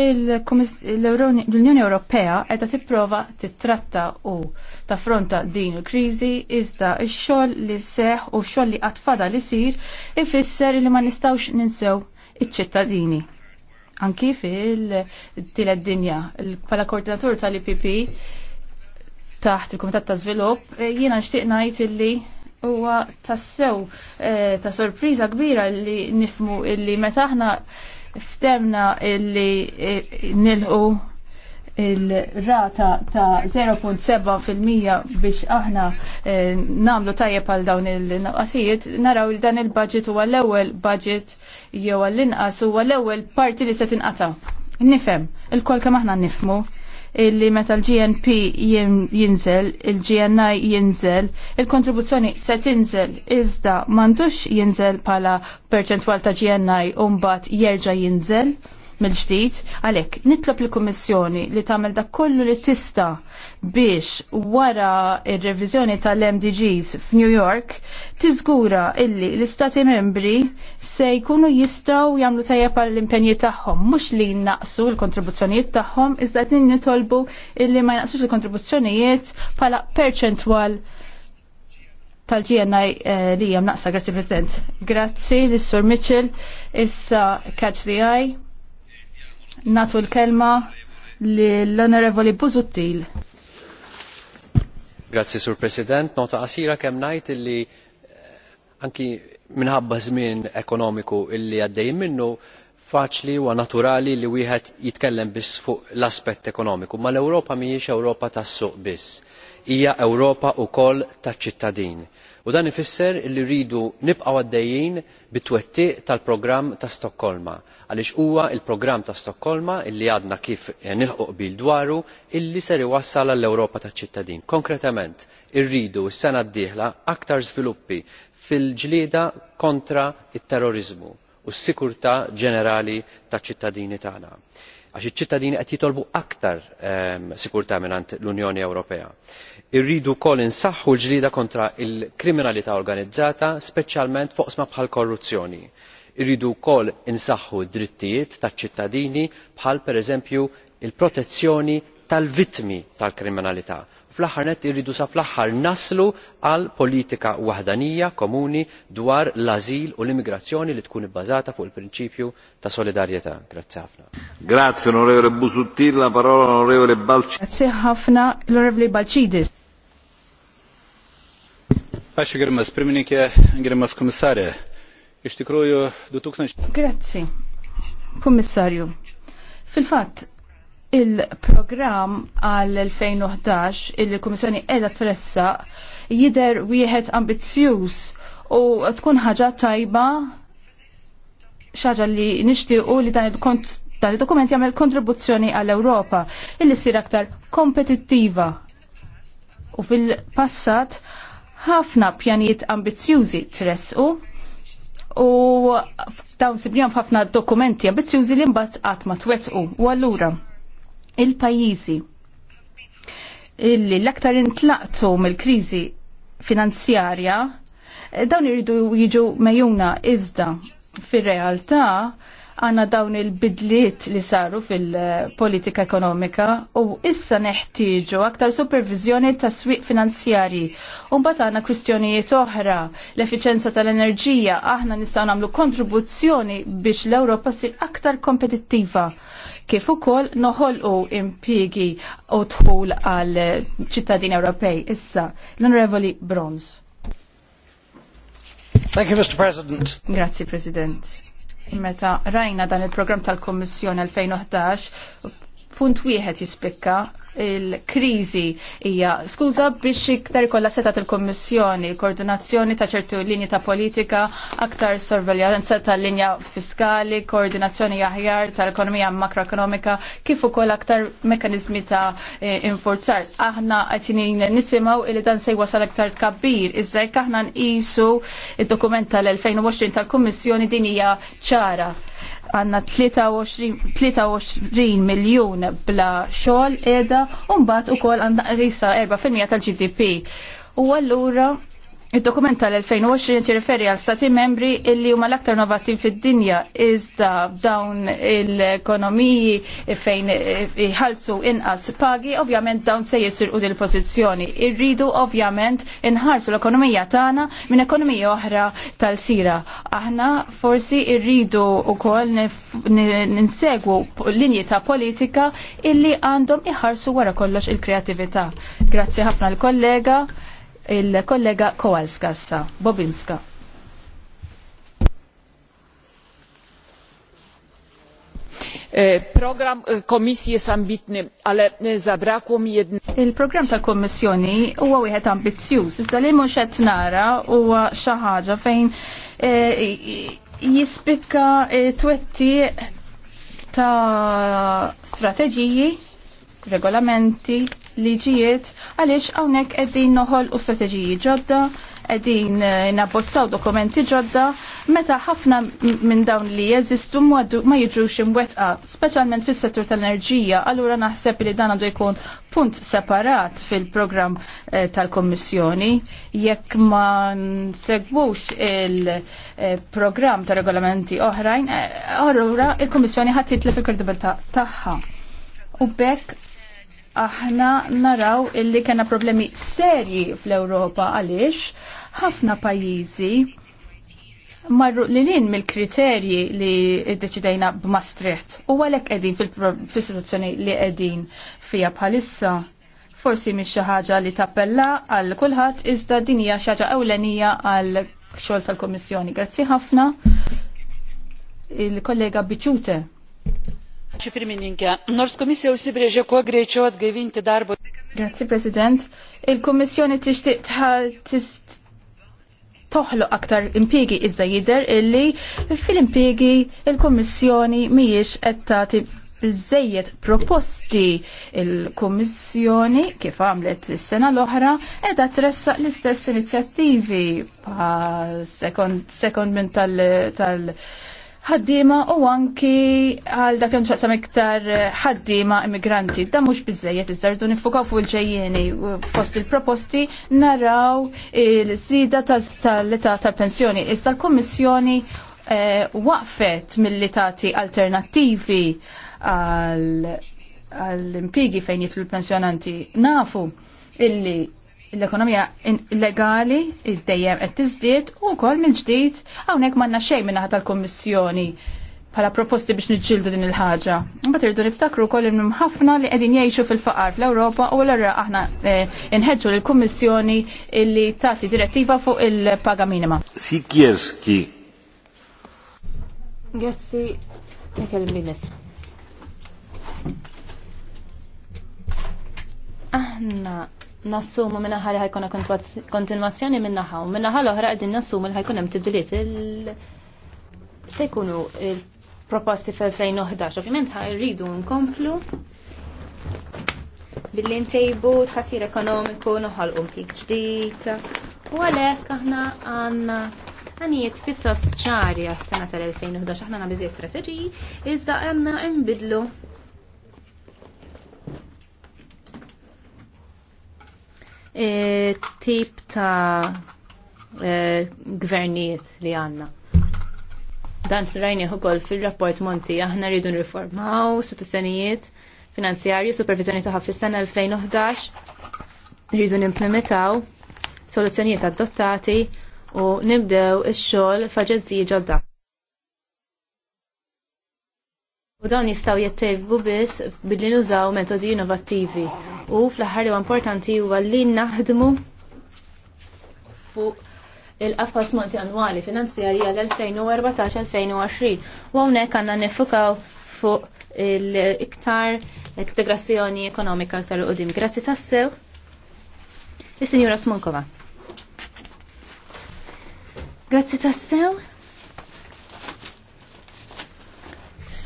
L-Unjoni Ewropea qiegħda tipprova titratta u tafronta din il-kriżi iżda x-xogħol li seħ u x-xogħol li qatt fada li sir ifisser li ma nistgħux ninsew iċ-ċittadini anki fil-tielet dinja. Pala koordinatur tal-IPP taħt il-Komitat ta' Zvilupp, eh, jiena nixtieq ngħid illi huwa tassew eh, ta' sorpriża kbira li nifmu illi meta aħna ftemna illi eh, nilħu il-rata ta' 0.7% biex aħna namlu tajjeb għal dawn il naqqasijiet naraw li dan il-budget huwa l-ewwel budget jew għall-inqas huwa l-ewwel parti li se tinqata'. Nifhem, il-kol kemm aħna nifmu illi meta l-GNP jinżel, il-GNI jinżel, il-kontribuzzjoni se tinżel iżda m'għandux jinżel bħala perċentwal ta' GNI u mbagħad jerġa' jinżel mill-ġdid, għalhekk nitlob lill kummissjoni li tagħmel dak kollu li tista' biex wara il reviżjoni tal-MDGs f'New York tiżgura illi l-Istati membri se jkunu jistgħu jagħmlu tajjeb għall impenji tagħhom mhux li jnaqsu l-kontribuzzjonijiet tagħhom iżda t-nin nitolbu illi ma jnaqsux il-kontribuzzjonijiet bħala perċentwal tal-GNI eh, li jem naqsa, Grazie President. Grazzi l-Sur Mitchell, issa Catch the Eye, natu l-kelma l-Onorevoli Buzuttil. Grazzi Sur President, nota qasira kemm ngħid illi eh, anki minħabba żmien ekonomiku illi għaddejjin minnu faċli u naturali li wieħed jitkellem biss fuq l-aspett ekonomiku, ma l-Ewropa mhijiex Ewropa tas-suq biss, hija Ewropa wkoll taċ-ċittadin u dan ifisser li rridu nibqgħu għaddejjin bit-twettiq tal-programm ta' stokkolma għaliex huwa l-programm ta' stokkolma illi għadna kif eh, nilħqu qbil dwaru illi ser iwassal għall ewropa taċ-ċittadin. konkretament irridu s-sena d-dieħla aktar żviluppi fil-ġlieda kontra t terroriżmu u s-sikurtà ġenerali taċ-ċittadini tagħna għax iċ-ċittadini qed jitolbu aktar ehm, sikurtà mingħand l-Unjoni Ewropea. Irridu wkoll insaħħu l-ġlieda kontra l kriminalità organizzata, speċjalment foqsma bħal korruzzjoni. Irridu wkoll insaħħu d-drittijiet taċ-ċittadini bħal pereżempju l protezzjoni tal-vittmi tal-kriminalità fl-aħħar nett irridu sa fl-aħħar naslu għal politika waħdanija komuni dwar l azil u l-immigrazzjoni li tkun ibbażata fuq il-prinċipju ta' solidarjetà. Grazzi ħafna. Grazzi onorevole Busuttil, la parola onorevole Balci. Grazzi ħafna l-onorevole Balcidis. Paċi gerimas pirmininkė, gerimas komisarė. Iš tikrųjų, 2000. Grazzi. Komisarju. fil fat il-program għal-2011 il-Komissjoni edha tressa jider wieħed ambizzjuż u tkun ħaġa tajba xaġa li nixtiequ li dan il-kont dan il-dokument jagħmel kontribuzzjoni għall-Ewropa illi ssir aktar kompetittiva. U fil-passat ħafna pjanijiet ambizzjużi tressu u dawn sibjom ħafna dokumenti ambizzjużi li mbagħad qatt ma twettqu u allura il-pajjiżi illi l-aktar intlaqtu mill-kriżi finanzjarja eh, dawn iridu jiġu mejuna iżda fir-realtà għanna dawn il-bidliet li saru fil-politika ekonomika u issa neħtieġu aktar supervizjoni ta' swieq finanzjari. Umbat għanna kwistjonijiet oħra, l-efficienza tal-enerġija, aħna nistaw namlu kontribuzzjoni biex l-Europa sir aktar kompetittiva kif ukoll noħolqu impjiegi u dħul għal ċittadini Ewropej issa l-Onorevoli Bronz. Thank you, Mr. President. Grazie, President. Meta rajna dan il-programm tal-Kommissjoni 2011, punt wieħed jispikka il-krizi hija skuża biex iktar kollha setat il-Kommissjoni, koordinazzjoni ta' ċertu linji ta' politika, aktar sorveljanza ta' linja fiskali, koordinazzjoni aħjar tal-ekonomija makroekonomika, kif ukoll aktar mekanizmi ta' eh, infurzar. Aħna qed nisimgħu li dan se wasal aktar tkabbir, iżda jekk aħna nqisu id-dokument tal-2020 tal-Kummissjoni din hija ċara għanna 23 miljon bla xogħol qiegħda u mbagħad ukoll għandna 4% tal-GDP. U allura Il-dokument tal-2020 jirriferi għal stati membri illi huma l-aktar novattiv fid-dinja iżda dawn l-ekonomiji fejn jħalsu inqas pagi, ovvjament dawn se jisirqu dil pożizzjoni Irridu ovvjament inħarsu l-ekonomija tagħna minn ekonomija oħra tal-sira. Aħna forsi irridu wkoll ninsegwu linji ta' politika illi għandhom iħarsu wara kollox il-kreatività. Grazzi ħafna l-kollega il-kollega Kowalskassa, Bobinska. E, program e, komisji jest ambitny, ale e, zabrakło mi jednej. Il-program ta' kommissjoni huwa wieħed ambizzjuż, iżda li mhux qed nara huwa xi ħaġa fejn jispikka twetti ta' strateġiji, regolamenti, liġijiet għaliex hawnhekk qegħdin noħol u strateġiji ġodda, qegħdin eh, nabbozzaw dokumenti ġodda meta ħafna minn dawn li jeżistu ma jiġux imwettqa, speċjalment fis-settur tal-enerġija, allura naħseb li dan għandu jkun punt separat fil-programm eh, tal-Kommissjoni jekk ma nsegwux il-programm eh, ta' regolamenti oħrajn, allura il-Kommissjoni ħadd li fil-kredibilta tagħha. U bekk aħna naraw illi kena problemi serji fl-Europa għaliex ħafna pajjiżi marru li lin mill-kriterji li id-deċidajna b'Maastricht u għalek edin fil-situazzjoni li edin fija bħalissa. Forsi mi xi ħaġa li tappella għal kulħadd iżda din hija xi ħaġa ewlenija għal xogħol tal-Kommissjoni. Grazzi ħafna il-kollega Biċute. Grazie, President. Il-Kommissjoni tixtieq toħloq aktar impjegi iżda jidher illi fil-impjegi il-Kommissjoni mhijiex qed tagħti biżejjed proposti il-Kommissjoni kif għamlet is-sena l-oħra qiegħda tressaq l-istess inizjattivi pa' second, second minn tal-, tal, tal ħaddiema u anki għal dak kemm traqsam iktar eh, ħaddiema immigranti. Da mhux biżejjed iżda nifukaw fuq il-ġejjeni fost il-proposti naraw il zida tal leta tal-pensjoni. Iżda l-Kummissjoni eh, waqfet mill litati tagħti alternattivi għall impigi fejn jitlu l-pensjonanti. Nafu illi l-ekonomija illegali id-dejjem qed tiżdied u wkoll mill-ġdid hawnhekk m'għandna xejn minn naħa tal-Kummissjoni bħala proposti biex niġġieldu din il-ħaġa. Mbagħad irdu niftakru wkoll innhom ħafna li qegħdin jgħixu fil-faqar fl-Ewropa u l-arra aħna eh, inħeġġu lill-Kummissjoni illi tagħti direttiva fuq il-paga minima. Sikjerski. Grazzi, nikellim li mis. Aħna nassumu minna ħali ħajkuna kontinuazzjoni minna ħaw. Minna ħal oħra għedin nassumu li ħajkun hemm tibdiliet il se jkunu proposti fil-2011. Ovvjament ħajridu nkomplu billi ntejbu t-ħatir ekonomiku noħol umpik ġdid. U għalhekk aħna għandna għanijiet pittost ċari għas-sena tal-2011 aħna għandna biżej strateġiji iżda għandna nbidlu E, tip ta' e, gvernijiet li għanna. Dan s-rajni ukoll fil-rapport Monti, aħna rridu nriformaw sotostenijiet finanzjarju, supervizjoni taħħa fil sena 2011, rridu nimplementaw soluzzjonijiet adottati u nibdew ix-xogħol f'aġenziji ġodda. U dawn jistgħu jittejbu biss billi nużaw metodi innovattivi. U fl-aħħar li importanti huwa li naħdmu fuq il-qafas monti annwali finanzjarja l-2014-2020. U hawnhekk għandna nifukaw fuq l-iktar integrazzjoni ekonomika aktar qudiem. Grazzi tassew. il sinjura Smunkova. Grazzi tassew.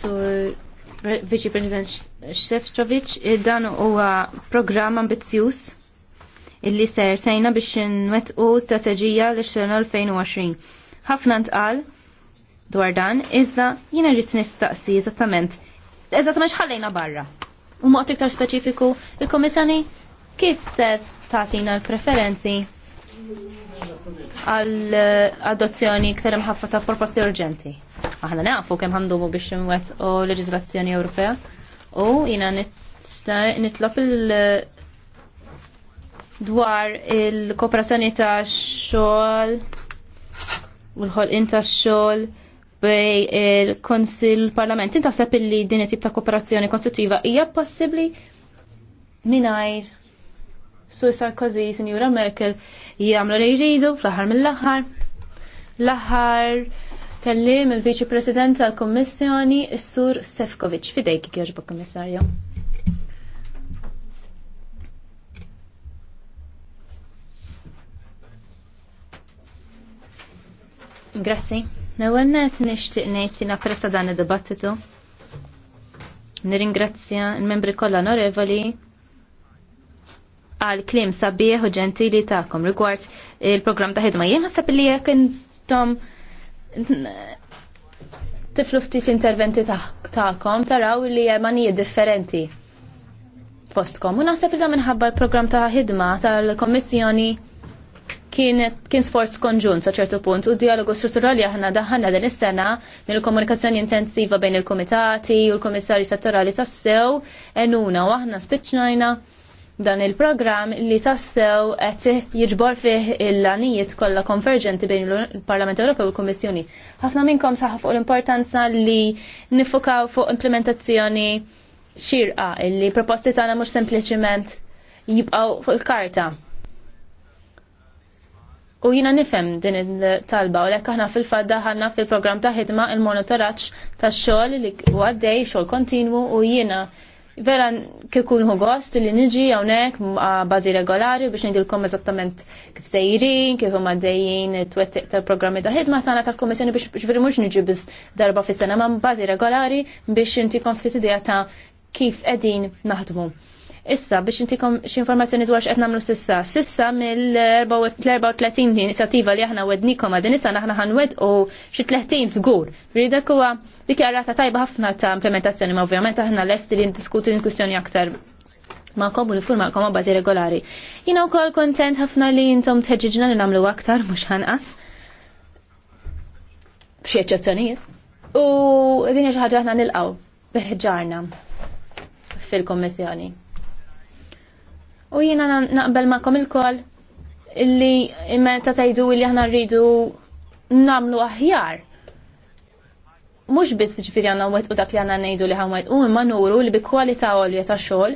Sur Viċi President Shevchovic, eh, dan huwa programm ambizzjuż illi ser sejna biex nwettqu strateġija l 2020. Ħafna ntqal dwar dan, iżda jiena rrid nistaqsi eżattament. Eżattament x'ħallejna barra. U mod iktar speċifiku, il-Komissjoni kif se tagħtina l-preferenzi għal-adozzjoni eh, kterem ħafna ta' proposti urġenti. Aħna nafu kemm għandu biex imwet u leġizlazzjoni Ewropea u jina nitlob il- eh, dwar il-kooperazzjoni ta' xogħol u l-ħolqin ta' xogħol bej il-Konsil Parlament. Intaħseb illi din tip ta' kooperazzjoni konstitutiva hija possibbli mingħajr Sur Sarkozy, Sinjura Merkel, jgħamlu li jridu fl-aħħar mill-aħħar. L-aħħar kellim il-Viċi President tal-Kommissjoni, Sur Sefkovic. Fidejk kjoġbu Kommissarju. Grazzi. Nawennet nishtiq nejti naprezza dan id-dibattitu. Niringrazzja il-membri kollha onorevoli għal klim sabiħ u ġentili ta'kom rigward il-program ta' ħidma. Jien ħasab li jek intom tiflu ftit l-interventi ta'kom taraw li manijiet differenti fostkom. U naħseb li da minħabba l-program ta' ħidma tal komissjoni kien sforz konġunt sa ċertu punt u dialogu strutturali aħna daħanna din is-sena din il-komunikazzjoni intensiva bejn il-komitati u l-komissarju settorali tas-sew enuna u aħna spiċċnajna dan il-programm li tassew qed jiġbor fih il-lanijiet kollha konverġenti bejn il-Parlament Ewropew u l-Kummissjoni. Ħafna minnkom saħħa fuq l-importanza li nifukaw fuq implementazzjoni xirqa li proposti tagħna mhux sempliċiment jibqgħu fuq il-karta. U jina nifem din il-talba u lekk aħna fil fadda ħanna fil-programm ta' ħidma il-monitoraġġ tax-xogħol li għaddej xogħol kontinwu u jiena vera kikun hu gost li niġi hawnhekk bażi regolari biex nidilkom eżattament kif sejrin, kif huma dejjin t-wettiq tal-programmi ta' ħidma tagħna tal-Kummissjoni biex veri mhux niġi biss darba fis-sena ma' bażi regolari biex inti konftit idea ta' kif qegħdin naħdmu. Issa, biex intikom informazzjoni dwar x'qed nagħmlu sissa. Sissa mill-34 inizjativa li aħna wednikom għadin issa aħna wed u xi 30 żgur. Dak huwa dikjarata tajba ħafna ta' implementazzjoni, ma ovvjament aħna lesti li ndiskutu l kustjoni aktar ma' kom u nifur ma' kom regolari. Jina u kol kontent ħafna li jintom tħeġġiġna li namlu aktar, mux ħanqas. Bxie eċezzjonijiet. U din ħaġa ħna nilqaw biħġarna fil-kommissjoni. U jiena naqbel ma'kom il li illi meta tajdu illi aħna rridu namlu aħjar. Mhux biss ġifieri għandna wet u dak li għandna ngħidu li ħamwet u imma nuru li bi kwalità għolja ta' xogħol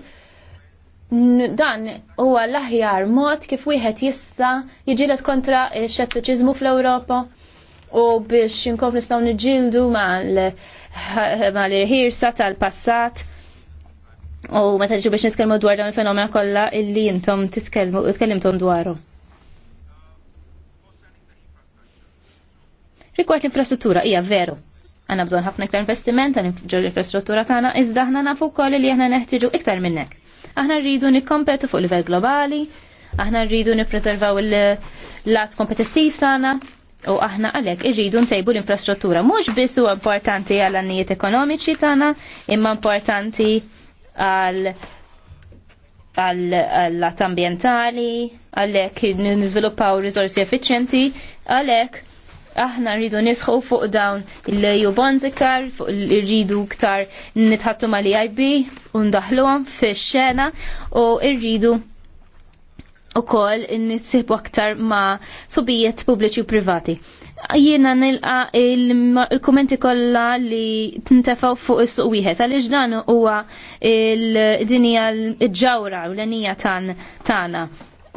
dan huwa l-aħjar mod kif wieħed jista' jiġilet kontra x-xettiċiżmu fl-Ewropa u biex inkomplu nistgħu niġġieldu mal-ħirsa tal-passat. U meta ġu biex nitkellmu dwar dawn il-fenomena kollha illi intom titkellmu tkellimtom dwaru. Rikward l-infrastruttura hija veru. Għanna bżon ħafna iktar investiment għan l-infrastruttura tagħna iżda aħna nafu wkoll li aħna neħtieġu iktar minnek. Aħna rridu nikkompetu fuq livell globali, aħna rridu nippreservaw il-lat kompetittiv tagħna, u aħna għalek irridu ntejbu l-infrastruttura mhux biss huwa importanti għal annijiet ekonomiċi tagħna, imma importanti għal għall-lat ambientali, għalek nizviluppaw risorsi effiċjenti, għalek aħna rridu nisħu fuq dawn il leju bonds iktar, fuq rridu iktar nitħattu ma li undaħlu għam fi xena u rridu u kol nisibu aktar ma subijiet pubbliċi u privati jiena nilqa il-kommenti kollha li tintefgħu fuq is-suq wieħed għaliex dan huwa l-dinja l-ġawra u l-għenija tagħna.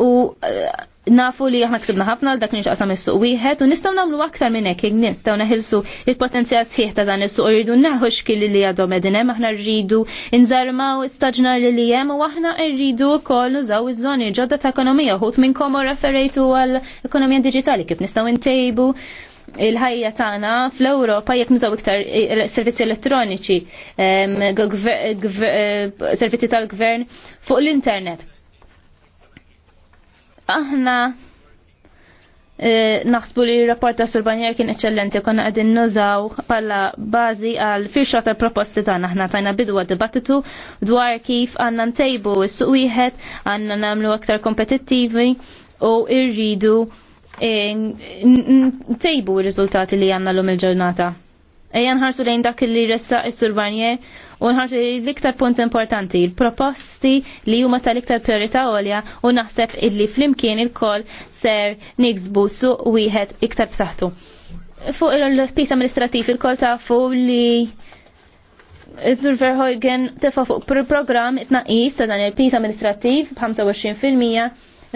U eh, nafu li aħna ksibna ħafna l-dak nixqasam is-suq wieħed u nistgħu nagħmlu aktar minn hekk nistgħu naħilsu il-potenzjal sħiħ ta' dan is-suq irridu naħu xkil li għadhom qegħdin hemm aħna rridu nżarmaw istaġnar li li hemm u aħna rridu wkoll nużaw iż-żoni ġodda ta' ekonomija minn komu referejtu għall ekonomija diġitali kif nistgħu ntejbu il-ħajja tagħna fl-Ewropa jekk nużaw iktar eh, servizzi elettroniċi, eh, servizzi tal-gvern fuq l-internet Aħna eh, naħsbu li r-rapport ta' Surbanjer kien eċċellenti konna għedin nużaw palla bazi għal firxa tal proposti ta' naħna tajna bidu għad dibattitu dwar kif għandna ntejbu s-suq wieħed għandna nagħmlu aktar kompetittivi u rridu eh, ntejbu r-riżultati li għandna l-lum il-ġurnata. Ejja nħarsu lejn dak li ressa is-Surbanjer u l-iktar punt importanti, il-proposti li huma tal-iktar priorità għolja u naħseb illi flimkien il-kol ser niksbu suq wieħed iktar b'saħħtu. Fuq il-spis amministrativ il-kol tafu li Iżdur Verhoeven tefa' fuq program it-naqis ta' dan il-pis amministrativ b'25%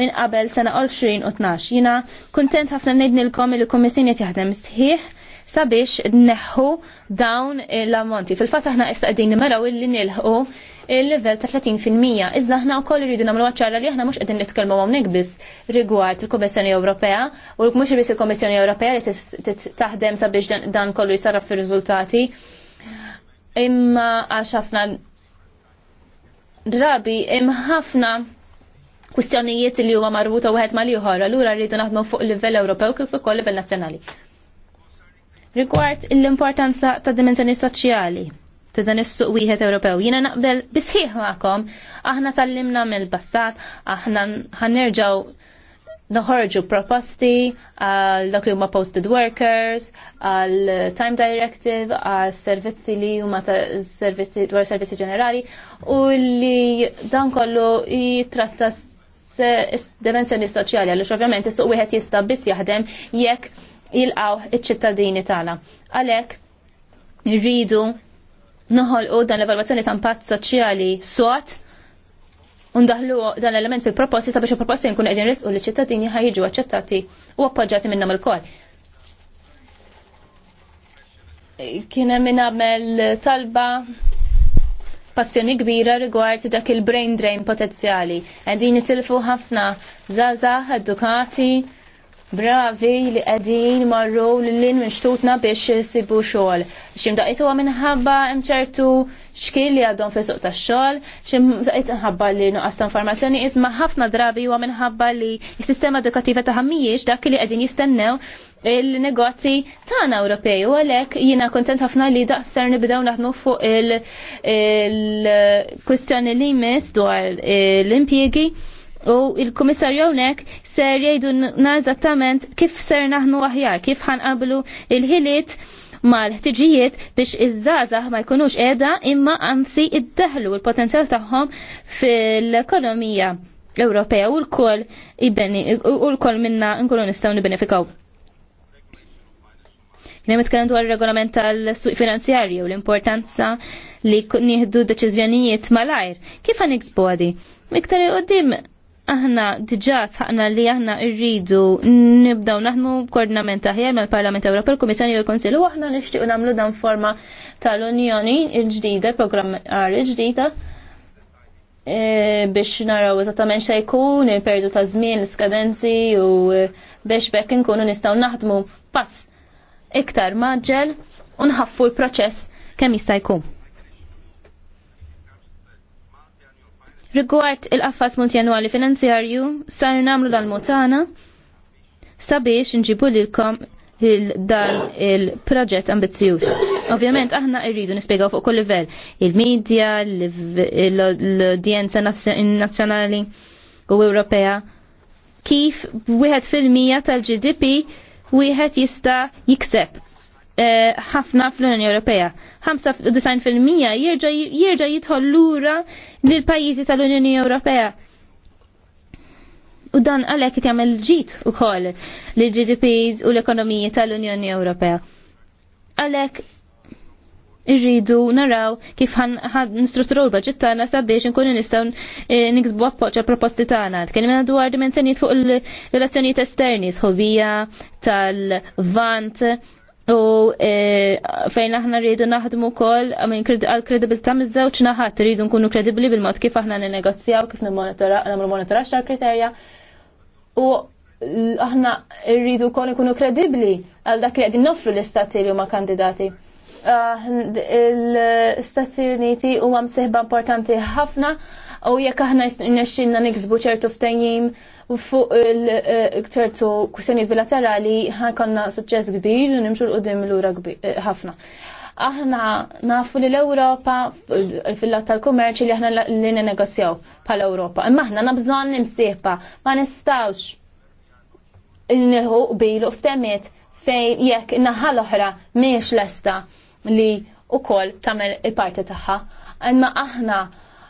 minn qabel sena 2012. u 12. Jina kuntent ħafna ngħidnilkom il komissjoni qed jaħdem sħiħ sabiex neħu dawn l-ammonti. Fil-fatt aħna issa qegħdin nimaraw illi nilħu il-level ta' 30% iżda aħna wkoll irridu nagħmlu ċara li aħna mhux qegħdin nitkellmu hawnhekk biss rigward il-Kummissjoni Ewropea u mhux biss il-Kummissjoni Ewropea li taħdem sabiex dan kollu jsarraf fir-riżultati. Imma għax ħafna drabi ħafna kustjonijiet li huwa marbuta wieħed mal-ieħor, allura rridu naħdmu fuq livell Ewropew kif ukoll livell nazzjonali. Rigward l-importanza ta' dimensjoni soċjali ta' dan is-suq wieħed Ewropew. Jiena naqbel bisħieħ magħkom, aħna tallimna mill-passat, aħna ħanerġgħu noħorġu proposti għal dak li huma posted workers, għal time directive, għal servizzi li huma servizzi dwar servizzi ġenerali u li dan kollu jitrazza dimensjoni soċjali għaliex ovvjament is-suq wieħed jista' biss jaħdem jekk jilqaw iċ-ċittadini tagħna. Għalhekk irridu noħolqu dan l-evalwazzjoni ta' impatt soċjali u ndaħlu dan l-element fil-proposti sabiex il-proposti nkunu qegħdin risqu li ċittadini ħajġu aċċettati u appoġġjati minnhom il-kol. Kien hemm nagħmel talba passjoni kbira rigward dak il-brain drain potenzjali. qegħdin nitilfu ħafna zaza, edukati, bravi li qegħdin marru lil minxtutna biex issibu xogħol. Ximdaqitu minħabba hemm ċertu xkil li għadhom fisuq tax-xogħol, ximdaqiet minħabba li nuqqas ta' informazzjoni isma' ħafna drabi huwa minħabba li s-sistema edukattiva ta' ħammijiex dak li qegħdin jistennew il-negozji tagħna Ewropej u għalhekk jiena kuntent ħafna li daqser nibdew naħdmu fuq il-kwistjoni li jmiss dwar l-impjiegi u il-komissarju hawnhekk ser jgħidu eżattament kif ser naħnu aħjar, kif qablu il-ħiliet mal-ħtiġijiet biex iż żazah ma jkunux qiegħda imma ansi iddaħlu il-potenzjal tagħhom fil-ekonomija Ewropea u l-koll u l-koll minna nkunu nistgħu nibenefikaw. Nem itkellem dwar regolament tal-suq finanzjarju u l-importanza li nieħdu deċiżjonijiet malajr. Kif għan iksbodi? Miktar qoddim aħna diġa sħaqna li aħna irridu nibdaw naħdmu koordinament aħjar mal parlament Ewropew, il-Kummissjoni u l konsilju u aħna nixtiequ nagħmlu dan forma tal-Unjoni l-ġdida, program għar ġdida e, biex naraw eżattament xa jkun il-perdu ta' żmien, l-skadenzi u e, biex bekk inkunu nistgħu naħdmu pass iktar maġġel u nħaffu l-proċess kemm jista' jkun. Rigward il-qaffas multjanwali finanzjarju, sar namlu dal motana sabiex nġibu lilkom dan il-proġett ambizzjuż. Ovvjament aħna rridu nispiegaw fuq kull livell, il-medja, l-udjenza nazzjonali u Ewropea. Kif wieħed fil-mija tal-GDP wieħed jista' jikseb eh, ħafna fl-Unjoni Ewropea. 95% jirġa' jidħol lura lil pajjiżi tal-Unjoni Ewropea. U dan għalhekk qed jagħmel ġid ukoll li GDPs u l-ekonomiji tal-Unjoni Ewropea. Għalhekk irridu naraw kif nistrutturu l budget tagħna sabiex inkunu nistgħu eh, niksbu appoġġ proposti tagħna. Tkellimna dwar dimensjonijiet fuq il-relazzjonijiet esterni, sħobija tal-vant, U e, fejn aħna rridu naħdmu kol għal tam miż-żewġ naħat rridu nkunu kredibli bil-mod kif aħna ninegozjaw, kif nagħmlu monitora xar kriterja U aħna rridu kol ikunu kredibli għal dak li qegħdin nofru l-istati li huma kandidati. Ah, L-Stati Uniti huma msieħba importanti ħafna u jekk aħna nexxinna niksbu ċertu ftejjim fuq eh, ċertu kwistjonijiet bilaterali konna suċċess kbir u nimxu l-qudiem lura eh, ħafna aħna nafu li l-Europa fil-lat tal-kummerċ li aħna li negozjaw pal europa Imma aħna nabżon nimsieħba, ma nistawx nilħu bilu f'temiet fejn jekk naħa l-oħra miex lesta li u kol tamel il-parti taħħa. Imma aħna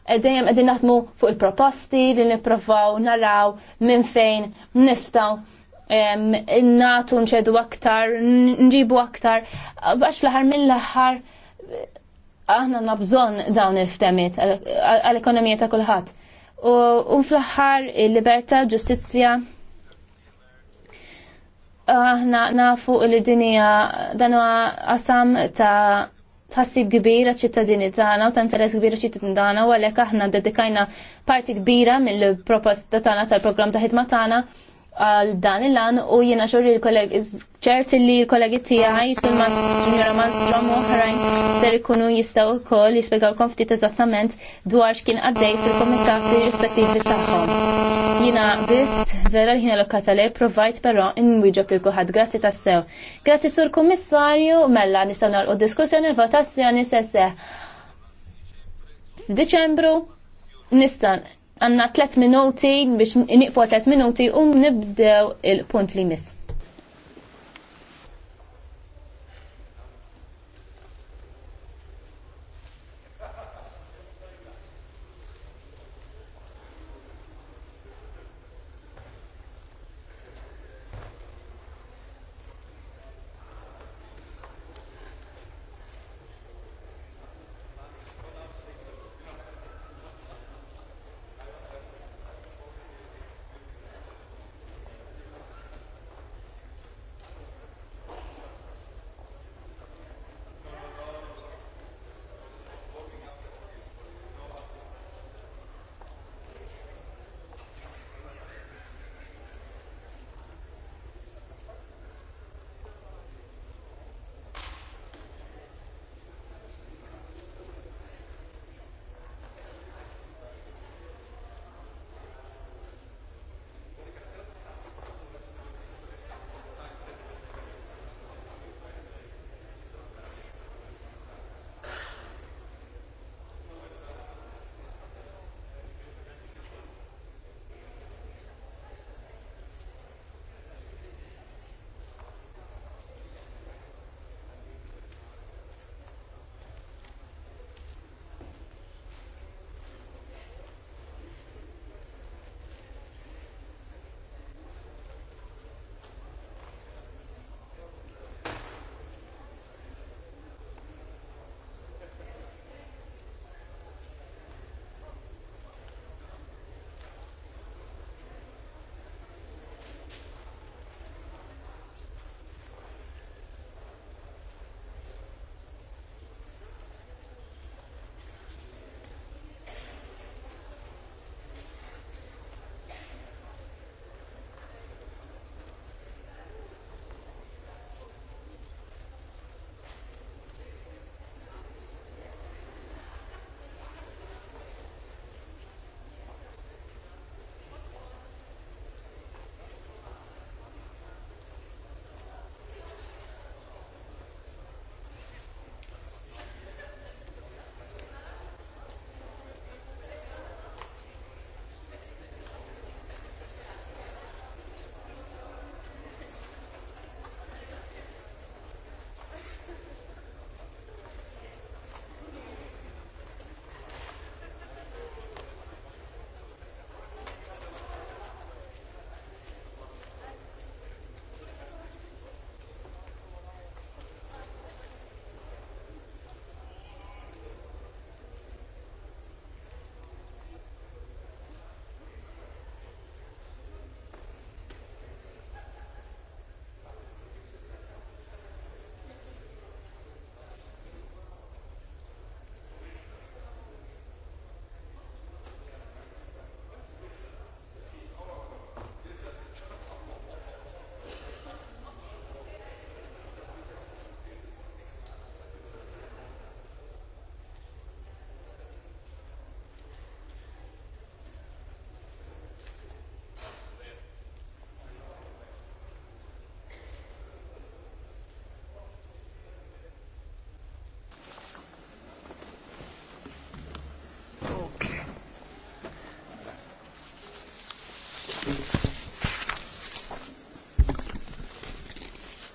dejjem qegħdin naħdmu fuq il-proposti li nipprovaw naraw minn fejn nistgħu innatu nċedu aktar, nġibu aktar, għax fl-ħar mill-ħar aħna nabżon dawn il-ftemiet għal-ekonomija ta' kulħadd. U fl-ħar il-libertà, ġustizzja, aħna nafu li dinija dan huwa qasam ta' tħassib kbira ċittadini tagħna u ta' interess kbir ċittadini tagħna u għalhekk aħna dedikajna parti kbira mill-proposta tagħna tal-programm ta' ħidma tagħna għal dan il-lan u jiena xorri l-kolleg, ċert li l-kollegi tiegħi sul Sinjora Malmstrom u oħrajn ser ikunu jistgħu wkoll jispjegawlkom konftit eżattament dwar x'kien għaddej fil-komitati rispettivi tagħhom. Jiena biss vera l-ħin allokata provajt però inwieġeb lil kulħadd grazzi tassew. Grazzi sur Kummissarju mella nistgħu nagħlqu diskussjoni l-votazzjoni se seħ. F'Diċembru nista' għanna 3 minuti biex niqfu 3 minuti u nibdew il-punt li miss.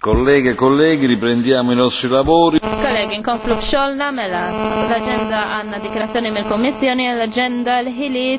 Colleghe e colleghi, riprendiamo i nostri lavori. Kollegi, inkomplu bxolna mela. L-agenda għanna dikrazzjoni mill-Kommissjoni, l'agenda agenda l-ħiliet.